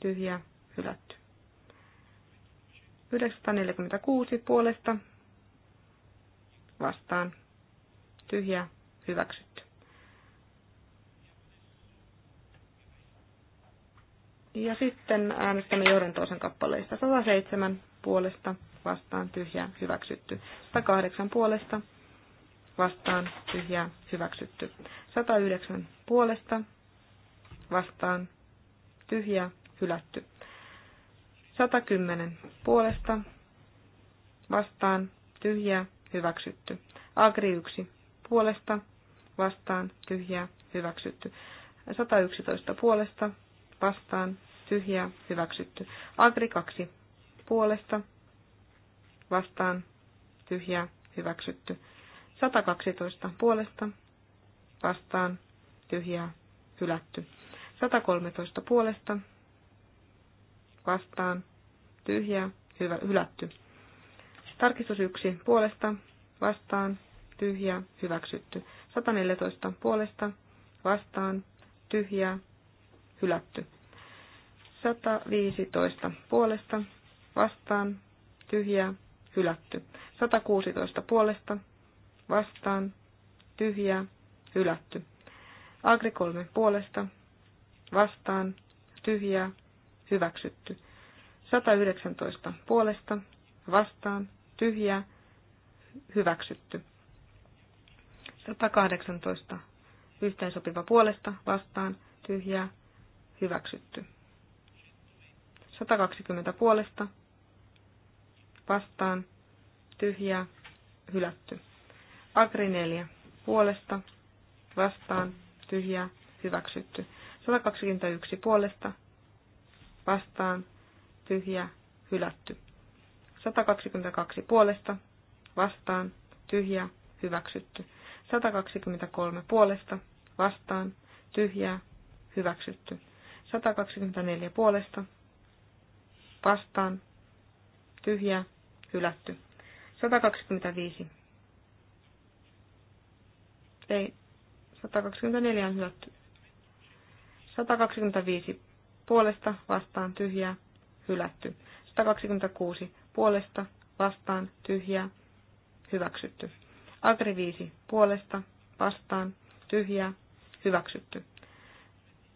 tyhjää hylätty. 946 puolesta vastaan tyhjää, hyväksytty. Ja sitten äänestämme johdantoisen kappaleista 107 puolesta vastaan tyhjää hyväksytty. 108 puolesta vastaan tyhjää hyväksytty. 109 puolesta vastaan tyhjää hylätty. 110 puolesta vastaan tyhjää hyväksytty. Agri 1 puolesta vastaan tyhjää hyväksytty. 111 puolesta vastaan tyhjää hyväksytty. Agri 2 puolesta vastaan tyhjää hyväksytty. 112 puolesta vastaan tyhjää hylätty. 113 puolesta vastaan tyhjää hyvä, hylätty. Tarkistus 1 puolesta vastaan tyhjä, hyväksytty. 114 puolesta, vastaan, tyhjä, hylätty. 115 puolesta, vastaan, tyhjä, hylätty. 116 puolesta, vastaan, tyhjä, hylätty. Agri 3 puolesta, vastaan, tyhjä, hyväksytty. 119 puolesta, vastaan, tyhjä, hyväksytty. 118. Yhteensopiva puolesta vastaan tyhjää hyväksytty. 120 puolesta vastaan tyhjää hylätty. Agri 4 puolesta vastaan tyhjää hyväksytty. 121 puolesta vastaan tyhjää hylätty. 122 puolesta vastaan tyhjää hyväksytty. 123 puolesta, vastaan, tyhjää, hyväksytty. 124 puolesta, vastaan, tyhjää, hylätty. 125. Ei, 124 on hylätty. 125 puolesta, vastaan, tyhjää, hylätty. 126 puolesta, vastaan, tyhjää, hyväksytty. Agriviisi puolesta, vastaan, tyhjää, hyväksytty.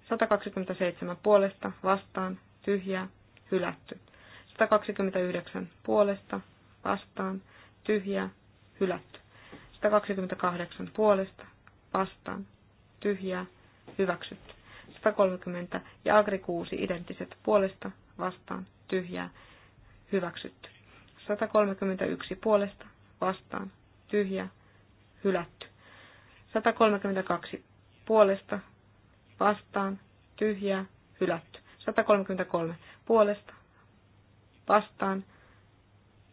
127 puolesta, vastaan, tyhjää, hylätty. 129 puolesta, vastaan, tyhjää, hylätty. 128 puolesta, vastaan, tyhjää, hyväksytty. 130 ja Agri 6 identtiset puolesta, vastaan, tyhjää, hyväksytty. 131 puolesta, vastaan, tyhjä, hylätty. 132 puolesta, vastaan, tyhjä, hylätty. 133 puolesta, vastaan,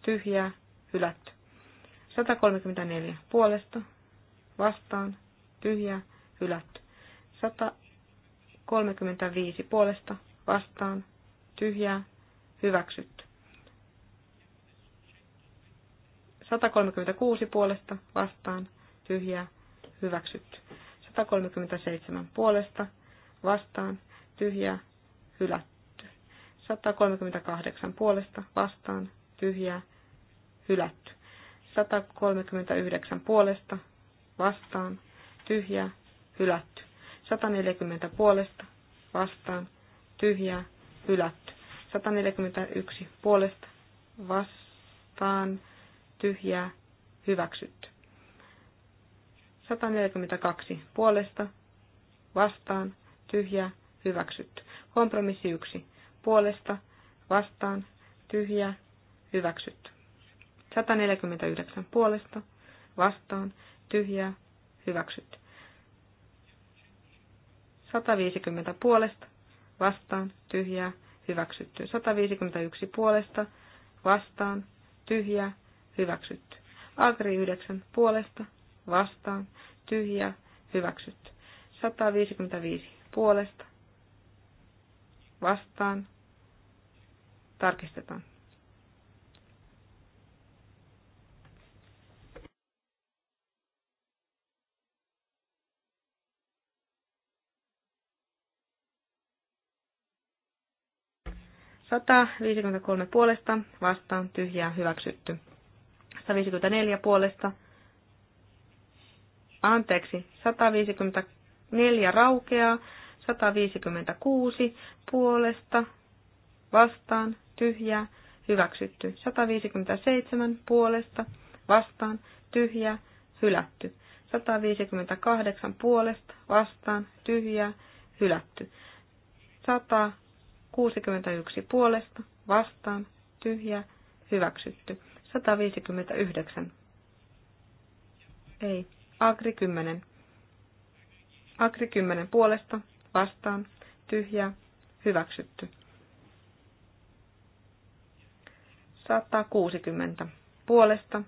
tyhjä, hylätty. 134 puolesta, vastaan, tyhjä, hylätty. 135 puolesta, vastaan, tyhjää, hyväksytty. 136 puolesta vastaan tyhjää hyväksytty. 137 puolesta vastaan tyhjää hylätty. 138 puolesta vastaan tyhjää hylätty. 139 puolesta vastaan tyhjää hylätty. 140 puolesta vastaan tyhjää hylätty. 141 puolesta vastaan tyhjää, hyväksytty. 142 puolesta, vastaan, tyhjää, hyväksytty. Kompromissi 1 puolesta, vastaan, tyhjää, hyväksytty. 149 puolesta, vastaan, tyhjää, hyväksytty. 150 puolesta, vastaan, tyhjää, hyväksytty. 151 puolesta, vastaan, tyhjää, hyväksytty. Agri 9 puolesta, vastaan, Tyhjä. hyväksytty. 155 puolesta, vastaan, tarkistetaan. Sata, 153 puolesta, vastaan, tyhjää, hyväksytty. 154 puolesta. Anteeksi, 154 raukeaa, 156 puolesta, vastaan, tyhjää, hyväksytty. 157 puolesta, vastaan, tyhjää, hylätty. 158 puolesta, vastaan, tyhjää, hylätty. 161 puolesta, vastaan, tyhjää, hyväksytty. 159. Ei. Agri 10. Agri 10 puolesta, vastaan, Tyhjä. hyväksytty. 160 puolesta,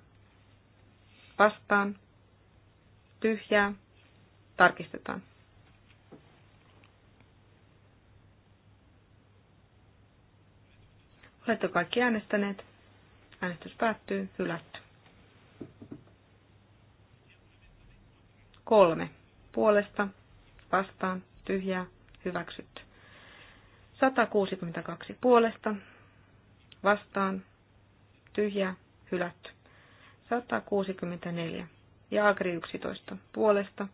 vastaan, tyhjää, tarkistetaan. Oletko kaikki äänestäneet? Äänestys päättyy. Hylätty. Kolme. Puolesta. Vastaan. Tyhjää. Hyväksytty. 162 puolesta. Vastaan. Tyhjää. Hylätty. 164. Ja Agri 11. Puolesta.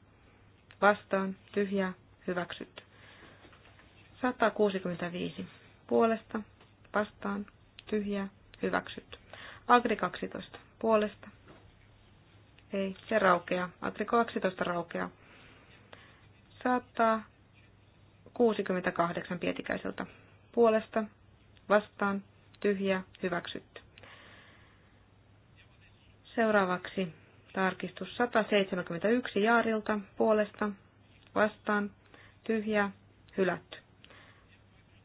Vastaan. Tyhjää. Hyväksytty. 165. Puolesta. Vastaan. Tyhjää. Hyväksytty. Agri 12 puolesta. Ei, se raukeaa. Agri 12 raukeaa. 68 pietikäiseltä puolesta. Vastaan. Tyhjä. Hyväksytty. Seuraavaksi tarkistus 171 Jaarilta puolesta. Vastaan. Tyhjä. Hylätty.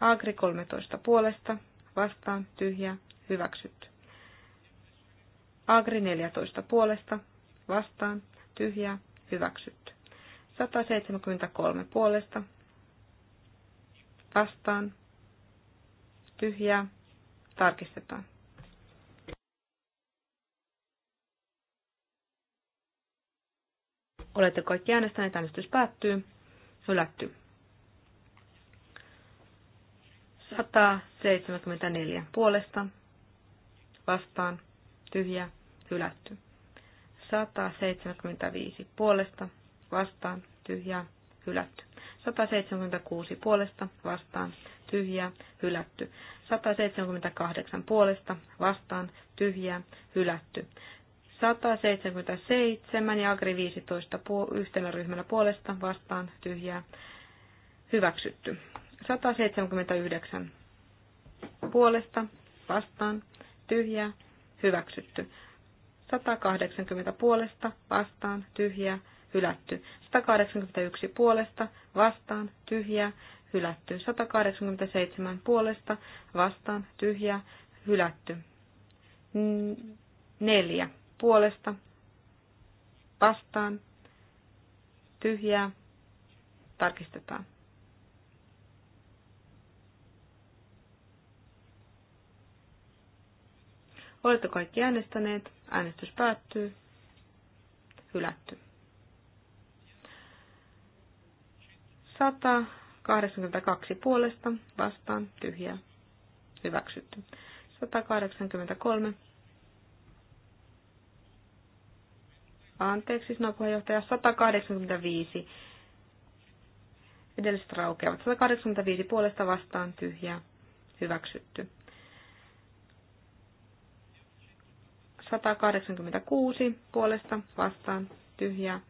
Agri 13 puolesta. Vastaan. Tyhjä. Hyväksytty. Agri 14 puolesta, vastaan, tyhjää, hyväksytty. 173 puolesta, vastaan, tyhjää, tarkistetaan. Olette kaikki äänestäneet, äänestys päättyy, hylätty. 174 puolesta, vastaan, tyhjä, hylätty. 175 puolesta, vastaan, tyhjä, hylätty. 176 puolesta, vastaan, tyhjä, hylätty. 178 puolesta, vastaan, tyhjä, hylätty. 177 ja Agri 15 yhtenä ryhmänä puolesta, vastaan, tyhjä, hyväksytty. 179 puolesta, vastaan, tyhjä hyväksytty. 180 puolesta, vastaan, tyhjää, hylätty. 181 puolesta, vastaan, tyhjää, hylätty. 187 puolesta, vastaan, tyhjää, hylätty. 4 puolesta, vastaan, tyhjää, tarkistetaan. Olette kaikki äänestäneet. Äänestys päättyy. Hylätty. 182 puolesta vastaan tyhjä, Hyväksytty. 183. Anteeksi, sanoi puheenjohtaja. 185. Edelliset raukeavat. 185 puolesta vastaan tyhjä, Hyväksytty. 186 puolesta vastaan tyhjää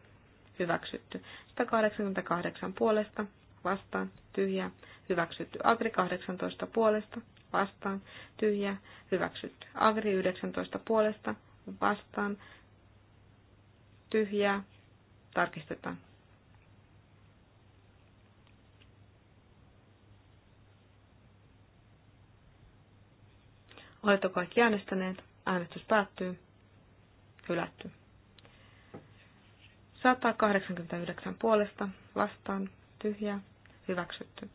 hyväksytty. 188 puolesta vastaan tyhjää hyväksytty. Agri 18 puolesta vastaan tyhjää hyväksytty. Agri 19 puolesta vastaan tyhjää tarkistetaan. Oletko kaikki äänestäneet? Äänestys päättyy. Hylätty. 189 puolesta vastaan tyhjä, Hyväksytty.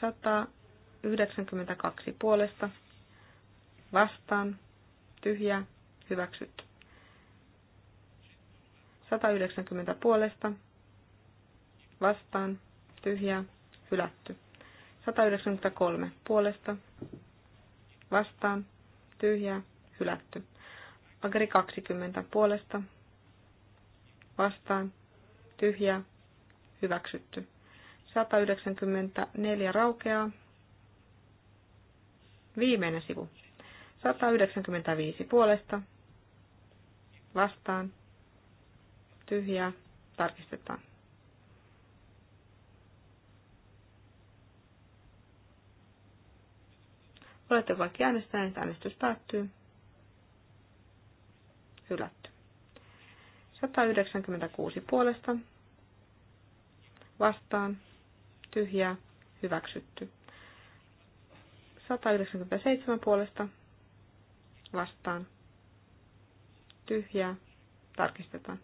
192 puolesta vastaan tyhjä, Hyväksytty. 190 puolesta vastaan tyhjä, Hylätty. 193 puolesta vastaan tyhjä hylätty. Agri 20 puolesta vastaan tyhjä, hyväksytty. 194 raukeaa. Viimeinen sivu. 195 puolesta vastaan tyhjää tarkistetaan. Olette vaikka äänestäneet, äänestys päättyy hylätty. 196 puolesta vastaan tyhjää hyväksytty. 197 puolesta vastaan tyhjää tarkistetaan.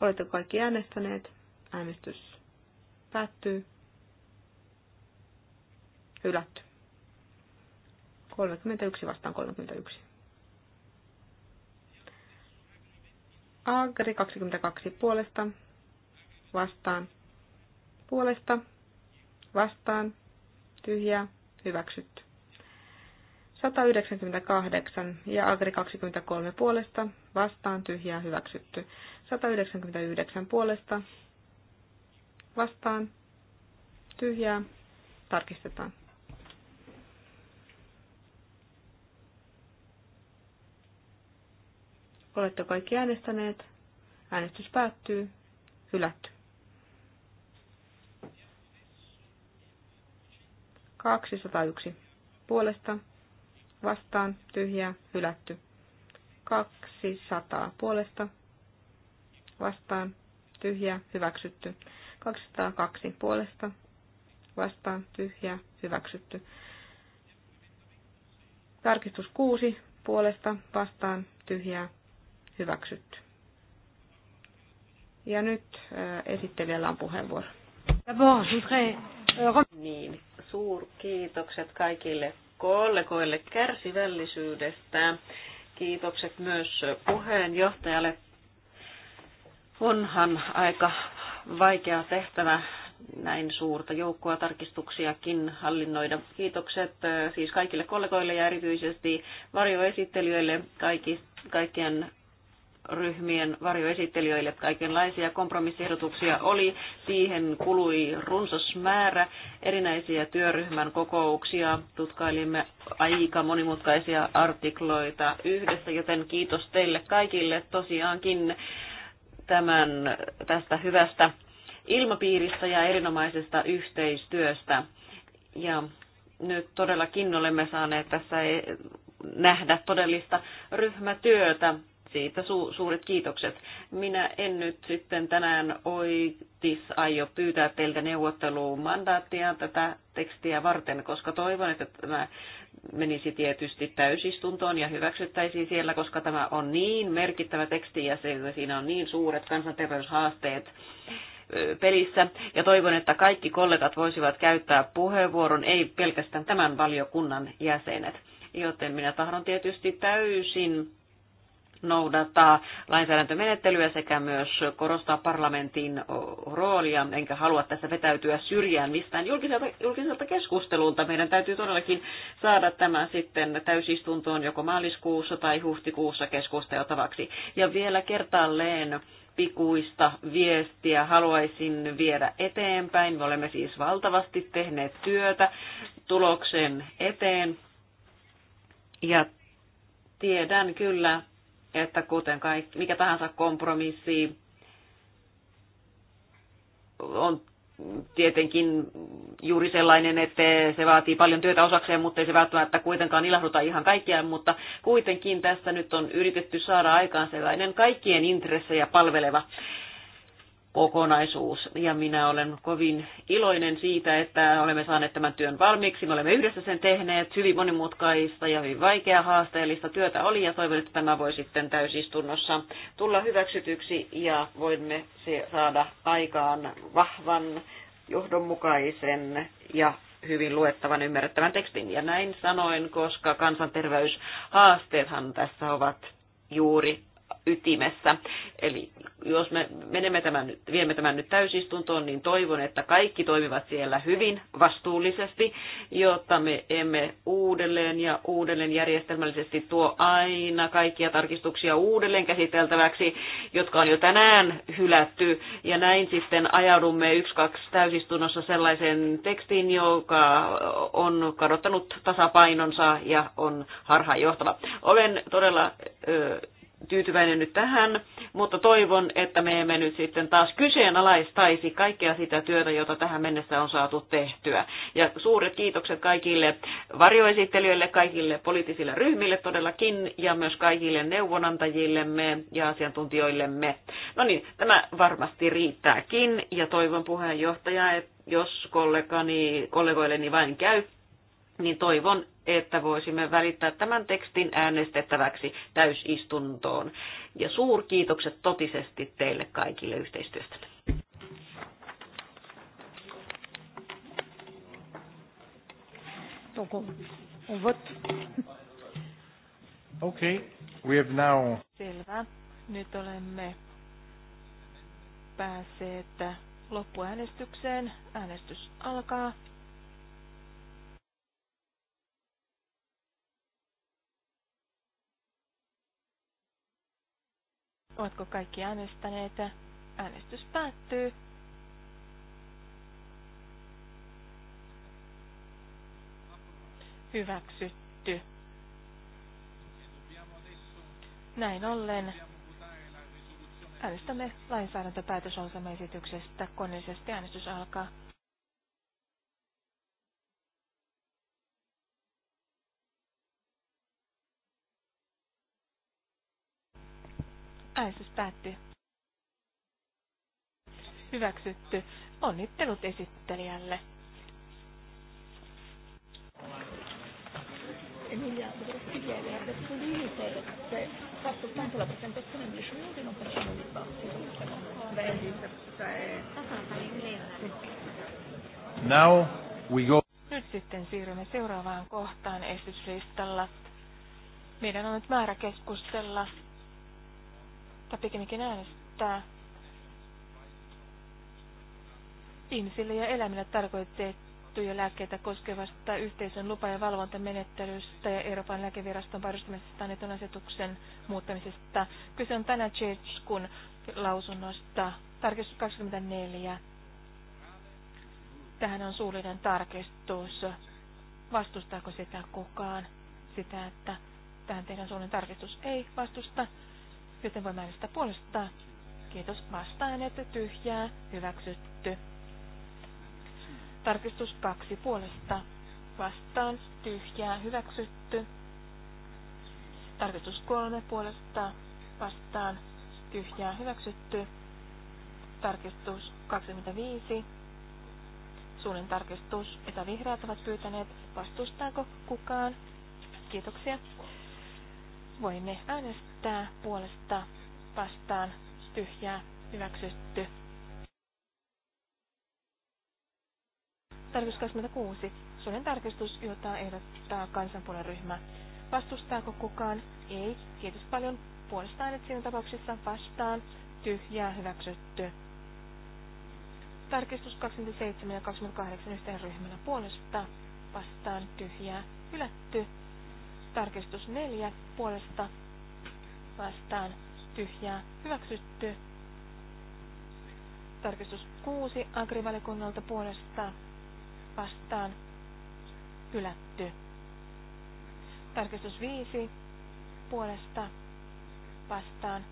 Oletteko kaikki äänestäneet? Äänestys päättyy. Hylätty. 31 vastaan 31. Agri 22 puolesta vastaan puolesta vastaan tyhjää hyväksytty. 198 ja Agri 23 puolesta vastaan tyhjää hyväksytty. 199 puolesta vastaan tyhjää tarkistetaan. Olette kaikki äänestäneet. Äänestys päättyy. Hylätty. 201. Puolesta. Vastaan. Tyhjää. Hylätty. 200. Puolesta. Vastaan. tyhjä, Hyväksytty. 202. Puolesta. Vastaan. tyhjä, Hyväksytty. Tarkistus 6. Puolesta. Vastaan. tyhjä hyväksytty. Ja nyt äh, esittelijällä on puheenvuoro. Euh, niin, suurkiitokset kaikille kollegoille kärsivällisyydestä. Kiitokset myös puheenjohtajalle. Onhan aika vaikea tehtävä näin suurta joukkoa tarkistuksiakin hallinnoida. Kiitokset äh, siis kaikille kollegoille ja erityisesti varjoesittelijöille kaikki, kaikkien ryhmien varjoesittelijöille. Kaikenlaisia kompromissiehdotuksia oli. Siihen kului runsas määrä erinäisiä työryhmän kokouksia. Tutkailimme aika monimutkaisia artikloita yhdessä, joten kiitos teille kaikille tosiaankin tämän, tästä hyvästä ilmapiiristä ja erinomaisesta yhteistyöstä. Ja nyt todellakin olemme saaneet tässä eh, nähdä todellista ryhmätyötä että su- suuret kiitokset. Minä en nyt sitten tänään oitis aio pyytää teiltä neuvottelumandaattia tätä tekstiä varten, koska toivon, että tämä menisi tietysti täysistuntoon ja hyväksyttäisiin siellä, koska tämä on niin merkittävä teksti ja siinä on niin suuret kansanterveyshaasteet pelissä. Ja toivon, että kaikki kollegat voisivat käyttää puheenvuoron, ei pelkästään tämän valiokunnan jäsenet. Joten minä tahdon tietysti täysin noudattaa lainsäädäntömenettelyä sekä myös korostaa parlamentin roolia, enkä halua tässä vetäytyä syrjään mistään julkiselta, julkiselta keskustelulta. Meidän täytyy todellakin saada tämä sitten täysistuntoon joko maaliskuussa tai huhtikuussa keskusteltavaksi. Ja vielä kertaalleen pikuista viestiä haluaisin viedä eteenpäin. Me olemme siis valtavasti tehneet työtä tuloksen eteen. Ja tiedän kyllä että kuten kaikki, mikä tahansa kompromissi on tietenkin juuri sellainen, että se vaatii paljon työtä osakseen, mutta ei se välttämättä kuitenkaan ilahduta ihan kaikkia, mutta kuitenkin tässä nyt on yritetty saada aikaan sellainen kaikkien intressejä palveleva kokonaisuus. Ja minä olen kovin iloinen siitä, että olemme saaneet tämän työn valmiiksi. Me olemme yhdessä sen tehneet. Hyvin monimutkaista ja hyvin vaikeaa haasteellista työtä oli ja toivon, että tämä voi sitten täysistunnossa tulla hyväksytyksi ja voimme se saada aikaan vahvan, johdonmukaisen ja hyvin luettavan, ymmärrettävän tekstin. Ja näin sanoin, koska kansanterveyshaasteethan tässä ovat juuri ytimessä. Eli jos me menemme tämän, viemme tämän nyt täysistuntoon, niin toivon, että kaikki toimivat siellä hyvin vastuullisesti, jotta me emme uudelleen ja uudelleen järjestelmällisesti tuo aina kaikkia tarkistuksia uudelleen käsiteltäväksi, jotka on jo tänään hylätty. Ja näin sitten ajaudumme yksi kaksi täysistunnossa sellaisen tekstin, joka on kadottanut tasapainonsa ja on harhaanjohtava. Olen todella ö, tyytyväinen nyt tähän, mutta toivon, että me emme nyt sitten taas kyseenalaistaisi kaikkea sitä työtä, jota tähän mennessä on saatu tehtyä. Ja suuret kiitokset kaikille varjoesittelijöille, kaikille poliittisille ryhmille todellakin ja myös kaikille neuvonantajillemme ja asiantuntijoillemme. No niin, tämä varmasti riittääkin ja toivon puheenjohtaja, että jos kollegani, kollegoilleni vain käy niin toivon, että voisimme välittää tämän tekstin äänestettäväksi täysistuntoon. Ja suurkiitokset totisesti teille kaikille yhteistyöstä. Okay, we have now... Selvä. Nyt olemme päässeet loppuäänestykseen. Äänestys alkaa. Ovatko kaikki äänestäneet? Äänestys päättyy. Hyväksytty. Näin ollen äänestämme esityksestä. Koneellisesti äänestys alkaa. Äänestys päättyy. Hyväksytty. Onnittelut esittelijälle. Niin niin Now we go. Nyt sitten siirrymme seuraavaan kohtaan esityslistalla. Meidän on nyt määrä keskustella tai pikemminkin äänestää. Ihmisille ja eläimille tarkoitettuja lääkkeitä koskevasta yhteisön lupa- ja valvontamenettelystä ja Euroopan lääkeviraston varustamisesta annetun asetuksen muuttamisesta. Kyse on tänään Chechkun lausunnosta. Tarkistus 24. Tähän on suullinen tarkistus. Vastustaako sitä kukaan? Sitä, että tähän tehdään suullinen tarkistus? Ei vastusta joten voimme äänestää puolesta. Kiitos vastaan, että tyhjää, hyväksytty. Tarkistus kaksi puolesta. Vastaan, tyhjää, hyväksytty. Tarkistus kolme puolesta. Vastaan, tyhjää, hyväksytty. Tarkistus 25. Suunnin tarkistus, että vihreät ovat pyytäneet. Vastustaako kukaan? Kiitoksia. Voimme äänestää puolesta vastaan tyhjää hyväksytty. Tarkistus 26. Suomen tarkistus, jota ehdottaa kansanpuolen ryhmä. Vastustaako kukaan? Ei. Kiitos paljon. Puolesta äänet siinä tapauksessa vastaan. Tyhjää hyväksytty. Tarkistus 27 ja 28 yhteen ryhmänä puolesta vastaan tyhjää hylätty. Tarkistus neljä puolesta vastaan tyhjää hyväksytty. Tarkistus kuusi agrivalikunnalta puolesta vastaan hylätty. Tarkistus viisi puolesta vastaan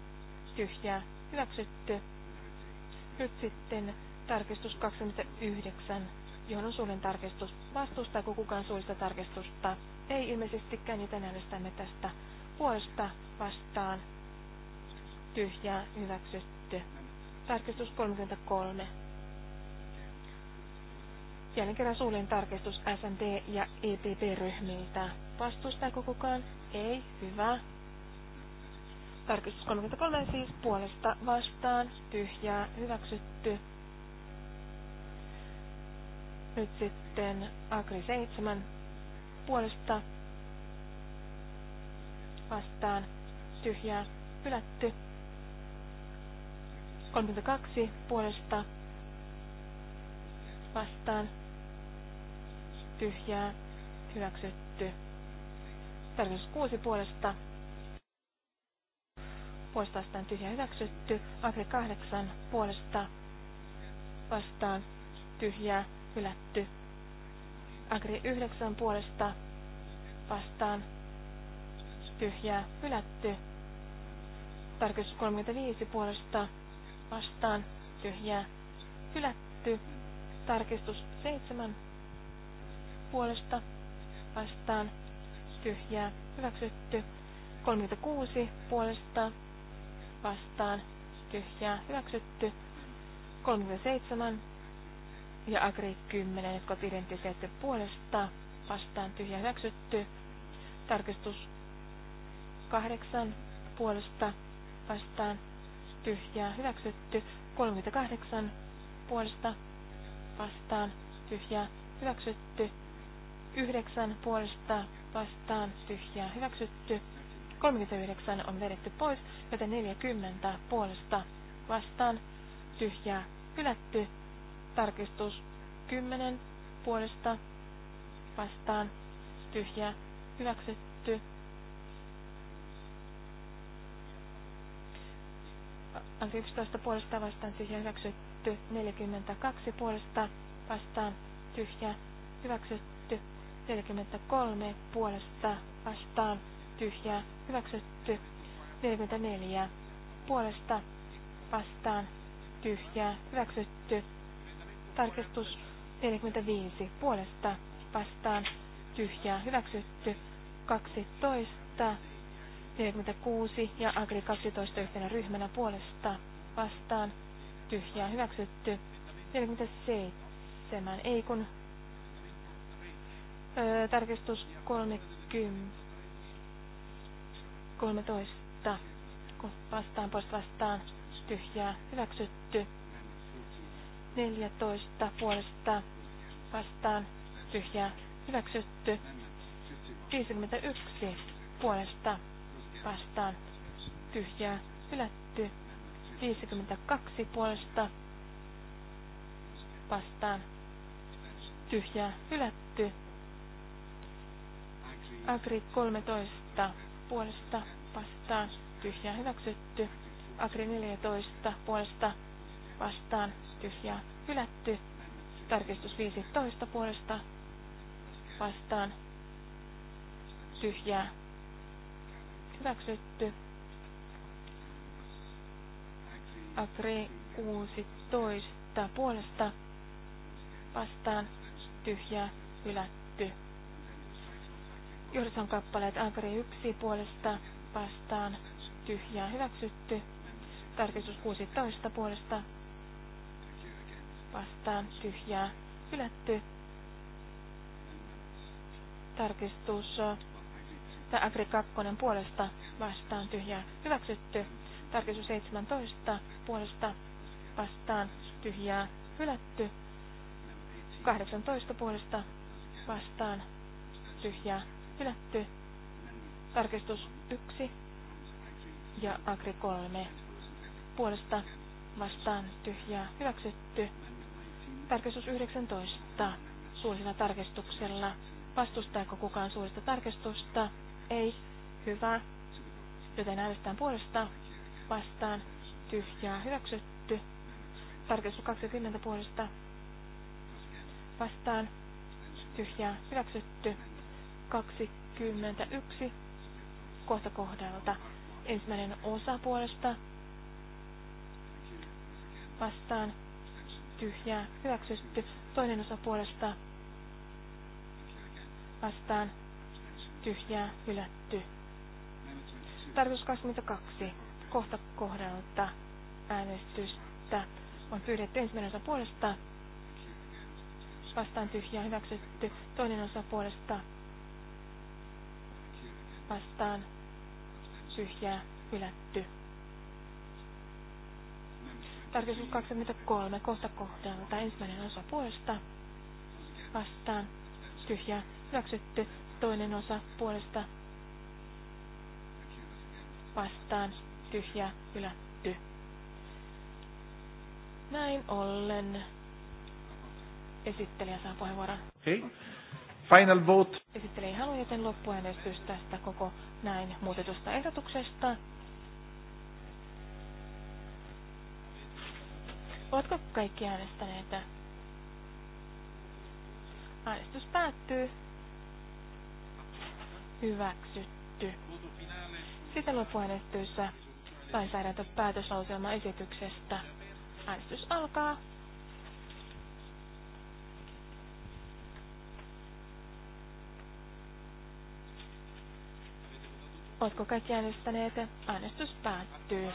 tyhjää hyväksytty. Nyt sitten tarkistus 29, johon on suullinen tarkistus. Vastustaako kukaan suullista tarkistusta? Ei ilmeisestikään, joten äänestämme tästä puolesta vastaan. Tyhjää hyväksytty. Tarkistus 33. Jälleen kerran suullinen tarkistus SND ja EPP-ryhmiltä. Vastustaako kukaan? Ei. Hyvä. Tarkistus 33 siis puolesta vastaan. Tyhjää hyväksytty. Nyt sitten Agri 7 puolesta vastaan tyhjää hylätty. 32 puolesta vastaan tyhjää hyväksytty. Tarkoitus 6 puolesta puolesta vastaan tyhjää hyväksytty. Agri 8 puolesta vastaan tyhjää hylätty. Agri 9 puolesta vastaan tyhjää hylätty. Tarkistus 35 puolesta vastaan tyhjää hylätty. Tarkistus 7 puolesta vastaan tyhjää hyväksytty. 36 puolesta vastaan tyhjää hyväksytty. 37 ja Agri 10, jotka ovat identiteetti puolesta, vastaan tyhjä hyväksytty. Tarkistus 8 puolesta vastaan tyhjää hyväksytty. 38 puolesta vastaan tyhjää hyväksytty. 9 puolesta vastaan tyhjää hyväksytty. 39 on vedetty pois, joten 40 puolesta vastaan tyhjää hylätty. Tarkistus 10 puolesta vastaan tyhjä hyväksytty. Anteeksi, 11 puolesta vastaan tyhjä hyväksytty. 42 puolesta vastaan tyhjä hyväksytty. 43 puolesta vastaan tyhjä hyväksytty. 44 puolesta vastaan tyhjä hyväksytty. Tarkistus 45 puolesta vastaan tyhjää hyväksytty 12, 46 ja Agri 12 yhtenä ryhmänä puolesta vastaan tyhjää hyväksytty 47, ei kun ö, tarkistus 30, 13 vastaan pois vastaan tyhjää hyväksytty 14 puolesta vastaan tyhjää hyväksytty. 51 puolesta vastaan tyhjää hylätty. 52 puolesta vastaan tyhjää hylätty. Agri 13 puolesta vastaan tyhjää hyväksytty. Agri 14 puolesta vastaan ja hylätty. Tarkistus 15 puolesta vastaan tyhjää hyväksytty. Agri 16 puolesta vastaan tyhjää hylätty. Johdus kappaleet Agri 1 puolesta vastaan tyhjää hyväksytty. Tarkistus 16 puolesta vastaan tyhjää hylätty. Tarkistus tai äh, Agri 2 puolesta vastaan tyhjää hyväksytty. Tarkistus 17 puolesta vastaan tyhjää hylätty. 18 puolesta vastaan tyhjää hylätty. Tarkistus 1 ja Agri 3 puolesta vastaan tyhjää hyväksytty. Tarkistus 19. suurina tarkistuksella. Vastustaako kukaan suurista tarkistusta? Ei. Hyvä. Joten äänestään puolesta. Vastaan. Tyhjää. Hyväksytty. Tarkistus 20 puolesta. Vastaan. Tyhjää. Hyväksytty. 21. Kohta kohdalta. Ensimmäinen osa puolesta. Vastaan tyhjää hyväksytty. Toinen osa puolesta vastaan tyhjää hylätty. Tarkoitus 22. Kohta kohdalta äänestystä on pyydetty ensimmäinen osa puolesta vastaan tyhjää hyväksytty. Toinen osa puolesta vastaan tyhjää hylätty. Tarkistus 23 kohta kohdalta ensimmäinen osa puolesta vastaan tyhjä, hyväksytty. Toinen osa puolesta vastaan tyhjä, hylätty. Näin ollen esittelijä saa puheenvuoron. Okay. Final vote. Esittelijä ei halua, joten loppuäänestys tästä koko näin muutetusta ehdotuksesta. Ovatko kaikki äänestäneet? Äänestys päättyy. Hyväksytty. Sitten lainsäädäntö päätöslauselma esityksestä. Äänestys alkaa. Oletko kaikki äänestäneet? Äänestys päättyy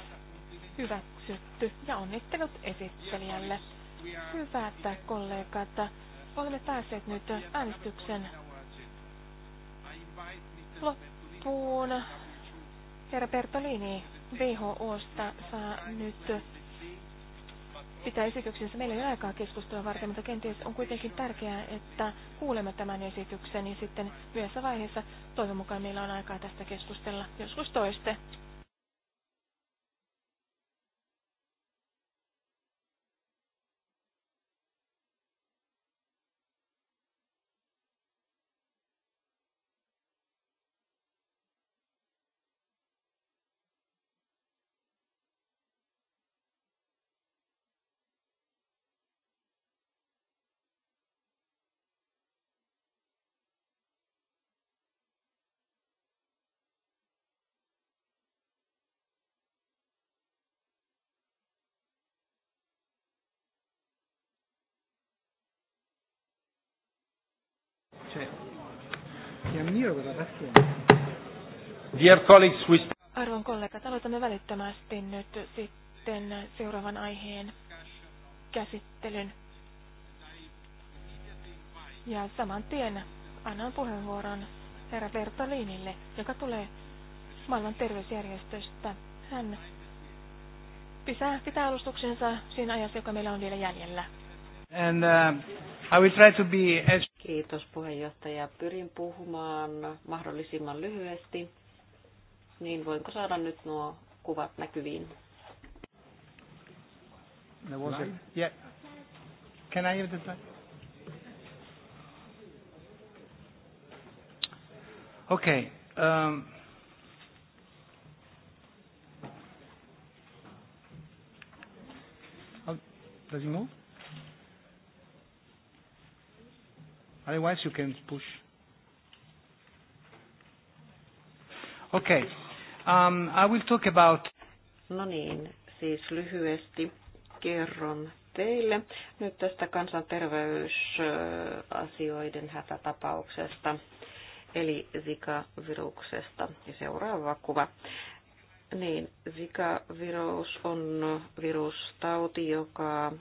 hyväksytty ja onnittelut esittelijälle. että kollegat, olemme päässeet nyt äänestyksen loppuun. Herra Bertolini WHOsta saa nyt pitää esityksensä. Meillä ei ole aikaa keskustella varten, mutta kenties on kuitenkin tärkeää, että kuulemme tämän esityksen ja sitten myös vaiheessa toivon mukaan meillä on aikaa tästä keskustella joskus toiste. Dear colleagues, we... Arvon kollegat, aloitamme välittömästi nyt sitten seuraavan aiheen käsittelyn. Ja saman tien annan puheenvuoron herra Bertolinille, joka tulee maailman terveysjärjestöstä. Hän pitää, pitää alustuksensa siinä ajassa, joka meillä on vielä jäljellä. And, uh, I will try to be as... Kiitos puheenjohtaja. Pyrin puhumaan mahdollisimman lyhyesti. Niin voinko saada nyt nuo kuvat näkyviin? Yeah. Okay. Um, does he move? Otherwise, you can push. Okay. Um, I will talk about... No niin, siis lyhyesti kerron teille nyt tästä kansanterveysasioiden hätätapauksesta, eli Zika-viruksesta. Ja seuraava kuva. Niin, Zika-virus on virustauti, joka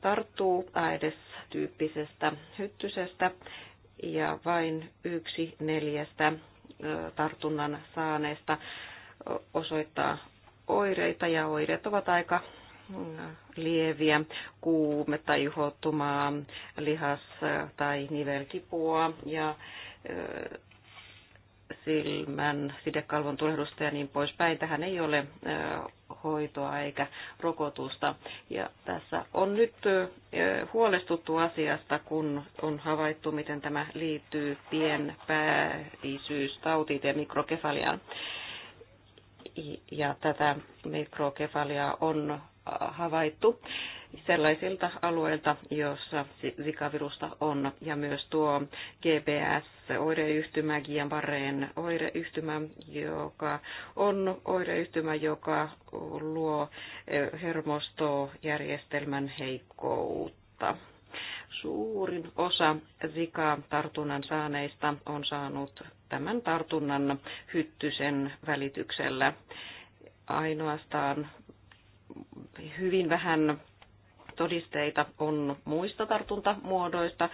tarttuu AIDS-tyyppisestä hyttysestä ja vain yksi neljästä tartunnan saaneesta osoittaa oireita ja oireet ovat aika mm, lieviä, kuumetta, ihottumaa, lihas- tai nivelkipua ja silmän sidekalvon tulehdusta ja niin poispäin. Tähän ei ole hoitoa eikä rokotusta. Ja tässä on nyt huolestuttu asiasta, kun on havaittu, miten tämä liittyy pienpäisyystautiin ja mikrokefaliaan. Ja tätä mikrokefaliaa on havaittu sellaisilta alueilta, joissa zikavirusta on. Ja myös tuo GPS-oireyhtymä, Guillain-Barreen oireyhtymä, joka on oireyhtymä, joka luo eh, hermostojärjestelmän heikkoutta. Suurin osa Zika-tartunnan saaneista on saanut tämän tartunnan hyttysen välityksellä. Ainoastaan hyvin vähän todisteita on muista tartuntamuodoista.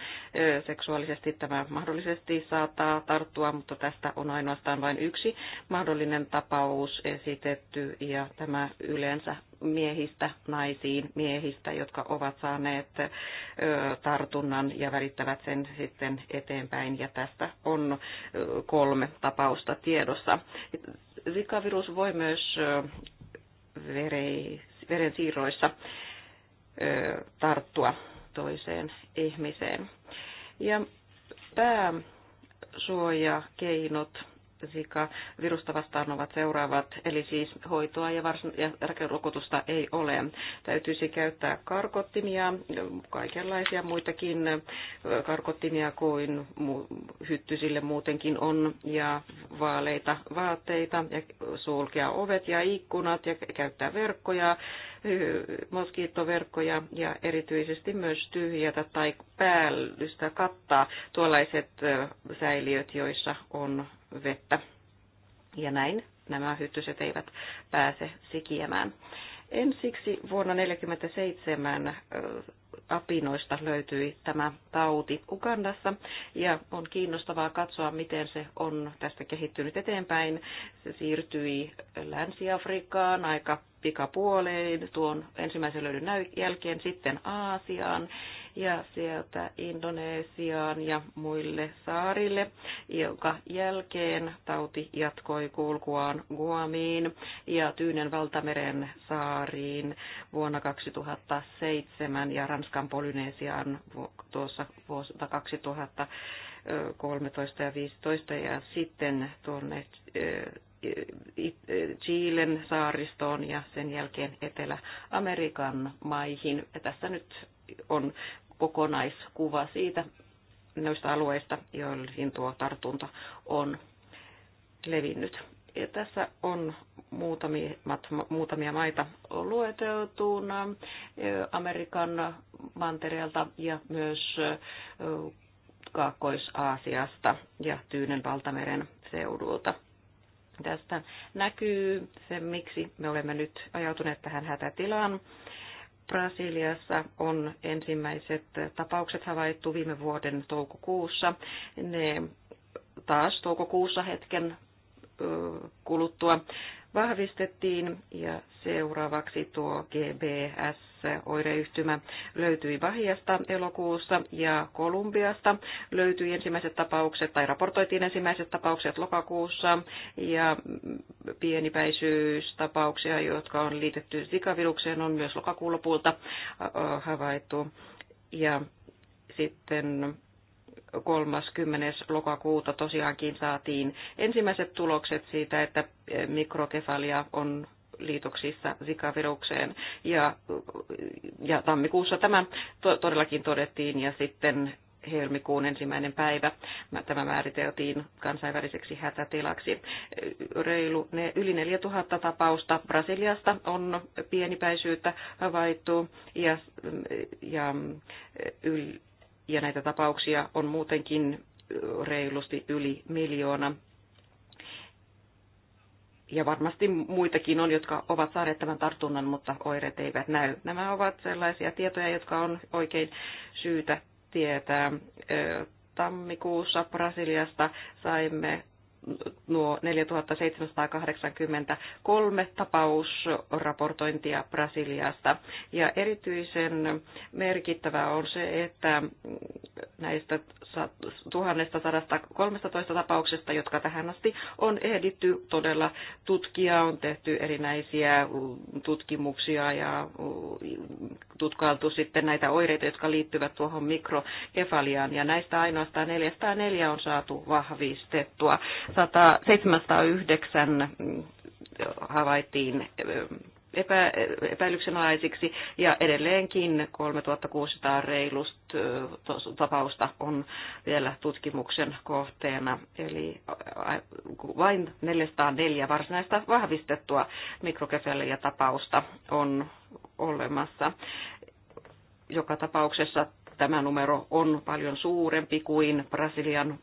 Seksuaalisesti tämä mahdollisesti saattaa tarttua, mutta tästä on ainoastaan vain yksi mahdollinen tapaus esitetty ja tämä yleensä miehistä naisiin, miehistä, jotka ovat saaneet tartunnan ja välittävät sen sitten eteenpäin. Ja tästä on kolme tapausta tiedossa. Zika-virus voi myös veren siirroissa tarttua toiseen ihmiseen. Ja pääsuojakeinot Zika-virusta vastaan ovat seuraavat, eli siis hoitoa ja, vars- ja rokotusta ei ole. Täytyisi käyttää karkottimia, kaikenlaisia muitakin karkottimia kuin hyttysille muutenkin on, ja vaaleita vaatteita, ja sulkea ovet ja ikkunat, ja käyttää verkkoja, moskiittoverkkoja, ja erityisesti myös tyhjätä tai päällystä kattaa tuollaiset säiliöt, joissa on vettä. Ja näin nämä hyttyset eivät pääse sikiämään. Ensiksi vuonna 1947 apinoista löytyi tämä tauti Ugandassa ja on kiinnostavaa katsoa, miten se on tästä kehittynyt eteenpäin. Se siirtyi Länsi-Afrikaan aika pikapuoleen tuon ensimmäisen löydyn jälkeen, sitten Aasiaan ja sieltä Indonesiaan ja muille saarille, jonka jälkeen tauti jatkoi kulkuaan Guamiin ja Tyynen valtameren saariin vuonna 2007 ja Ranskan Polynesiaan tuossa vuosilta 2013 ja 2015 ja sitten tuonne eh, eh, eh, Chilen saaristoon ja sen jälkeen Etelä-Amerikan maihin. Ja tässä nyt on kokonaiskuva siitä noista alueista, joihin tuo tartunta on levinnyt. Ja tässä on muutamia maita lueteltuna Amerikan mantereelta ja myös Kaakkois-Aasiasta ja Tyynen valtameren seudulta. Tästä näkyy se, miksi me olemme nyt ajautuneet tähän hätätilaan Brasiliassa on ensimmäiset tapaukset havaittu viime vuoden toukokuussa. Ne taas toukokuussa hetken kuluttua vahvistettiin ja seuraavaksi tuo GBS oireyhtymä löytyi Bahiasta elokuussa ja Kolumbiasta löytyi ensimmäiset tapaukset tai raportoitiin ensimmäiset tapaukset lokakuussa ja pienipäisyystapauksia, jotka on liitetty sikavirukseen, on myös lokakuun lopulta havaittu. Ja sitten 30. lokakuuta tosiaankin saatiin ensimmäiset tulokset siitä, että mikrokefalia on liitoksissa Zika-virukseen. Ja, ja tammikuussa tämä to, todellakin todettiin ja sitten helmikuun ensimmäinen päivä. Tämä määriteltiin kansainväliseksi hätätilaksi. Reilu ne, yli 4000 tapausta Brasiliasta on pienipäisyyttä havaittu ja, ja, ja näitä tapauksia on muutenkin reilusti yli miljoona ja varmasti muitakin on, jotka ovat saaneet tämän tartunnan, mutta oireet eivät näy. Nämä ovat sellaisia tietoja, jotka on oikein syytä tietää. Tammikuussa Brasiliasta saimme nuo 4783 tapausraportointia Brasiliasta. Ja erityisen merkittävää on se, että näistä 1113 tapauksesta, jotka tähän asti on ehditty todella tutkia, on tehty erinäisiä tutkimuksia ja tutkailtu sitten näitä oireita, jotka liittyvät tuohon mikrokefaliaan. Ja näistä ainoastaan 404 on saatu vahvistettua. 709 havaittiin epä, epäilyksenalaisiksi ja edelleenkin 3600 reilust tapausta on vielä tutkimuksen kohteena. Eli vain 404 varsinaista vahvistettua mikrokefeliä tapausta on olemassa. Joka tapauksessa tämä numero on paljon suurempi kuin Brasilian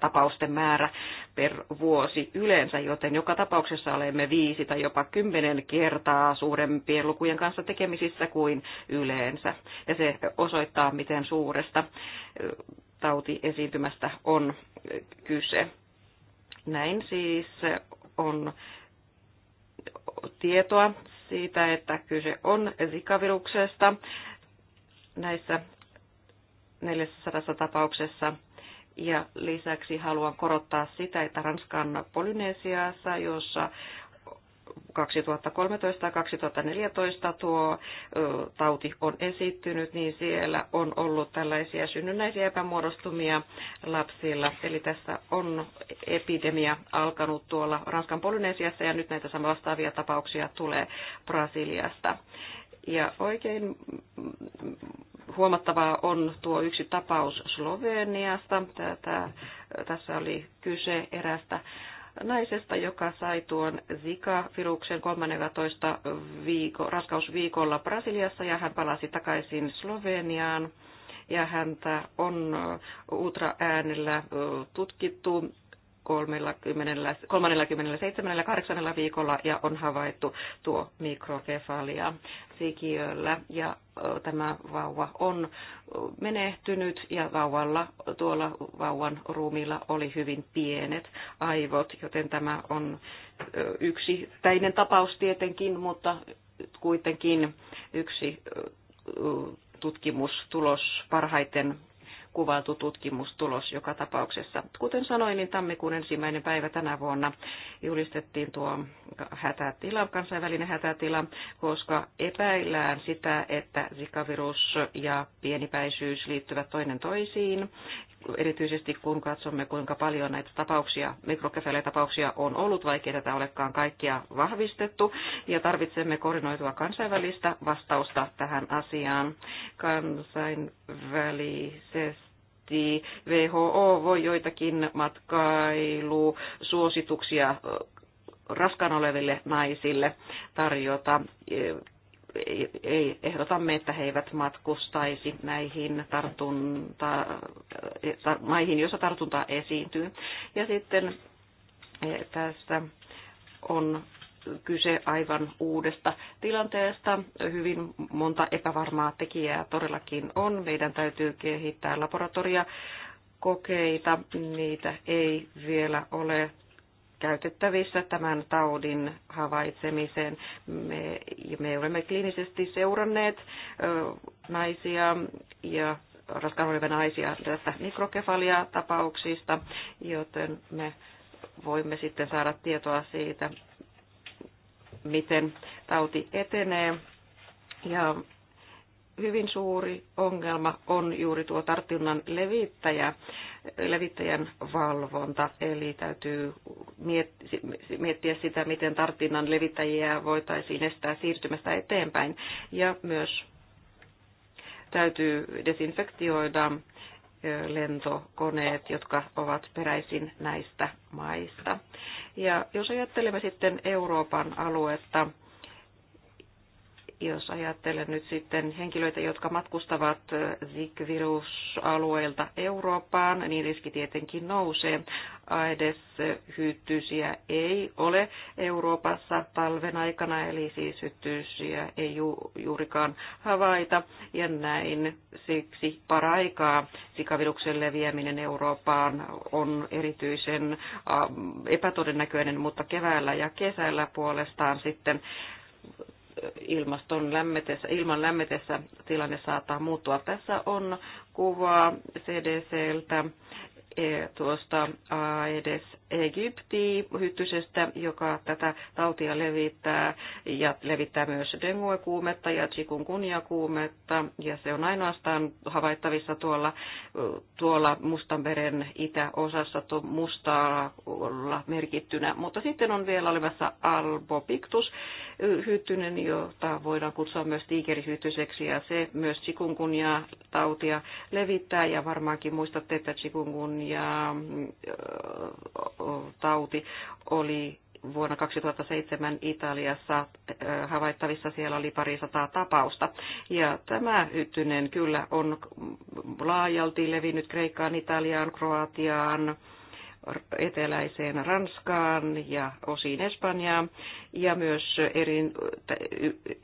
tapausten määrä per vuosi yleensä, joten joka tapauksessa olemme viisi tai jopa kymmenen kertaa suurempien lukujen kanssa tekemisissä kuin yleensä. Ja se osoittaa, miten suuresta tautiesiintymästä on kyse. Näin siis on tietoa siitä, että kyse on zikaviruksesta näissä 400 tapauksessa ja lisäksi haluan korottaa sitä, että Ranskan Polynesiassa, jossa 2013-2014 tuo tauti on esittynyt, niin siellä on ollut tällaisia synnynnäisiä epämuodostumia lapsilla. Eli tässä on epidemia alkanut tuolla Ranskan Polynesiassa ja nyt näitä vastaavia tapauksia tulee Brasiliasta. Ja oikein huomattavaa on tuo yksi tapaus Sloveniasta. Tätä, tässä oli kyse erästä naisesta, joka sai tuon Zika-viruksen 13 viiko, raskausviikolla Brasiliassa ja hän palasi takaisin Sloveniaan ja häntä on ultraäänellä tutkittu 37 ja 8 viikolla ja on havaittu tuo mikrokefalia sikiöllä ja tämä vauva on menehtynyt ja vauvalla, tuolla vauvan ruumiilla oli hyvin pienet aivot, joten tämä on yksittäinen tapaus tietenkin, mutta kuitenkin yksi tutkimustulos parhaiten kuvailtu tutkimustulos joka tapauksessa. Kuten sanoin, niin tammikuun ensimmäinen päivä tänä vuonna julistettiin tuo hätätila, kansainvälinen hätätila, koska epäillään sitä, että zikavirus ja pienipäisyys liittyvät toinen toisiin erityisesti kun katsomme, kuinka paljon näitä tapauksia, mikrokefeiletapauksia on ollut, vaikkei tätä olekaan kaikkia vahvistettu, ja tarvitsemme koordinoitua kansainvälistä vastausta tähän asiaan kansainvälisesti WHO voi joitakin matkailusuosituksia raskaan oleville naisille tarjota ei, ehdotamme, että he eivät matkustaisi näihin tartunta, tar, maihin, joissa tartunta esiintyy. Ja sitten eh, tästä on kyse aivan uudesta tilanteesta. Hyvin monta epävarmaa tekijää todellakin on. Meidän täytyy kehittää laboratoria kokeita, niitä ei vielä ole käytettävissä tämän taudin havaitsemiseen. Me, me olemme kliinisesti seuranneet naisia ja raskaana naisia tästä mikrokefalia-tapauksista, joten me voimme sitten saada tietoa siitä, miten tauti etenee. Ja hyvin suuri ongelma on juuri tuo tartunnan levittäjä, levittäjän valvonta. Eli täytyy miettiä sitä, miten tartunnan levittäjiä voitaisiin estää siirtymästä eteenpäin. Ja myös täytyy desinfektioida lentokoneet, jotka ovat peräisin näistä maista. Ja jos ajattelemme sitten Euroopan aluetta, jos ajattelen nyt sitten henkilöitä, jotka matkustavat Zika-virusalueelta Eurooppaan, niin riski tietenkin nousee. Aedes-hyttysiä ei ole Euroopassa talven aikana, eli siis hyttysiä ei ju- juurikaan havaita, ja näin siksi paraikaa sikaviruksen leviäminen Eurooppaan on erityisen epätodennäköinen, mutta keväällä ja kesällä puolestaan sitten ilmaston lämmetessä, ilman lämmetessä tilanne saattaa muuttua. Tässä on kuvaa CDCltä e, tuosta AEDES Egypti hyttysestä, joka tätä tautia levittää ja levittää myös dengue-kuumetta ja chikungunya-kuumetta ja se on ainoastaan havaittavissa tuolla, tuolla Mustanveren itäosassa mustalla merkittynä. Mutta sitten on vielä olemassa albopictus hyttynen, jota voidaan kutsua myös tiikerihyttyseksi ja se myös chikungunya-tautia levittää ja varmaankin muistatte, että chikungunya tauti oli vuonna 2007 Italiassa äh, havaittavissa siellä oli pari sataa tapausta. Ja tämä hyttynen kyllä on laajalti levinnyt Kreikkaan, Italiaan, Kroatiaan, eteläiseen Ranskaan ja osiin Espanjaan ja myös eri,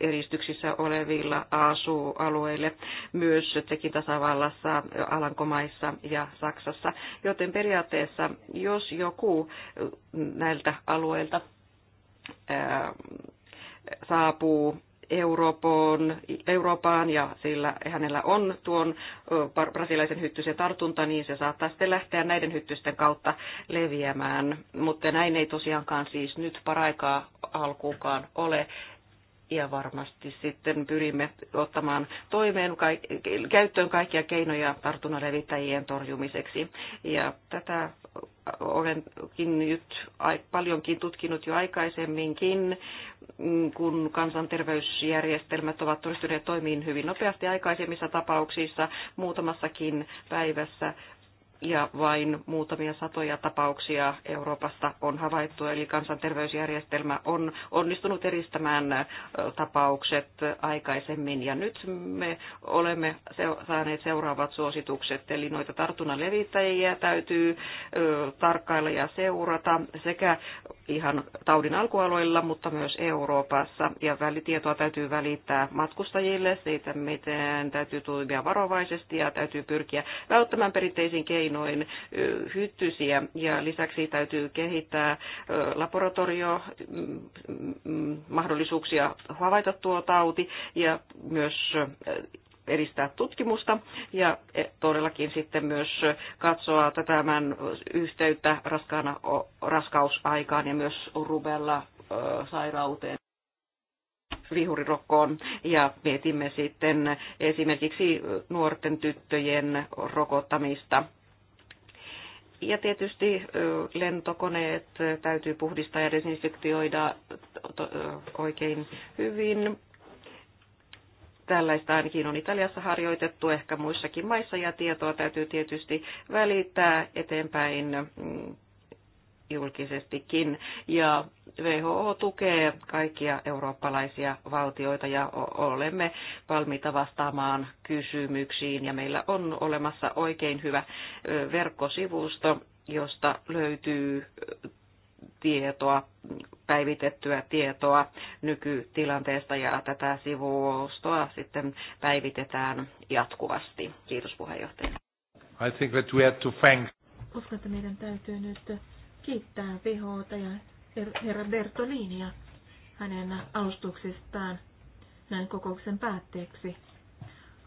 eristyksissä olevilla asualueille myös tekin tasavallassa, Alankomaissa ja Saksassa. Joten periaatteessa, jos joku näiltä alueilta ää, saapuu Euroopan, Euroopaan ja sillä hänellä on tuon brasilaisen hyttysen tartunta, niin se saattaa sitten lähteä näiden hyttysten kautta leviämään. Mutta näin ei tosiaankaan siis nyt paraikaa alkuukaan ole ja varmasti sitten pyrimme ottamaan toimeen käyttöön kaikkia keinoja tartunnan levittäjien torjumiseksi. Ja tätä olenkin nyt paljonkin tutkinut jo aikaisemminkin, kun kansanterveysjärjestelmät ovat todistuneet toimiin hyvin nopeasti aikaisemmissa tapauksissa, muutamassakin päivässä ja vain muutamia satoja tapauksia Euroopasta on havaittu, eli kansanterveysjärjestelmä on onnistunut eristämään tapaukset aikaisemmin, ja nyt me olemme saaneet seuraavat suositukset, eli noita tartunnan levittäjiä täytyy tarkkailla ja seurata sekä ihan taudin alkualoilla, mutta myös Euroopassa, ja välitietoa täytyy välittää matkustajille siitä, miten täytyy toimia varovaisesti, ja täytyy pyrkiä välttämään perinteisiin keinoihin, keinoin hyttysiä ja lisäksi täytyy kehittää laboratorio mm, mm, mahdollisuuksia havaita tuo tauti ja myös edistää tutkimusta ja e, todellakin sitten myös katsoa tämän yhteyttä raskaana, raskausaikaan ja myös rubella sairauteen vihurirokkoon ja mietimme sitten esimerkiksi nuorten tyttöjen rokottamista ja tietysti lentokoneet täytyy puhdistaa ja desinfektioida oikein hyvin. Tällaista ainakin on Italiassa harjoitettu, ehkä muissakin maissa, ja tietoa täytyy tietysti välittää eteenpäin mm, julkisestikin. Ja WHO tukee kaikkia eurooppalaisia valtioita ja olemme valmiita vastaamaan kysymyksiin. Ja meillä on olemassa oikein hyvä verkkosivusto, josta löytyy tietoa, päivitettyä tietoa nykytilanteesta ja tätä sivustoa sitten päivitetään jatkuvasti. Kiitos puheenjohtaja. I think that we have to thank. Uskon, että meidän täytyy nyt kiittää WHta ja herra Bertolinia hänen alustuksestaan näin kokouksen päätteeksi.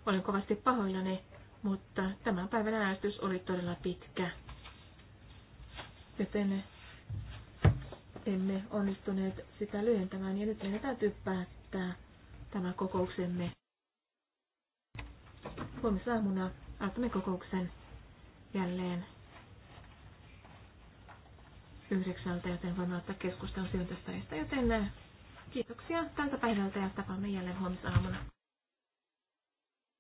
Olen kovasti pahoillani, mutta tämän päivän äänestys oli todella pitkä. Joten emme onnistuneet sitä lyhentämään ja nyt meidän täytyy päättää tämä kokouksemme. Huomisaamuna aloitamme kokouksen jälleen yhdeksältä, joten voimme ottaa keskustelun syntystä, joten eh, kiitoksia tältä päivältä ja tapaamme jälleen huomisaamuna.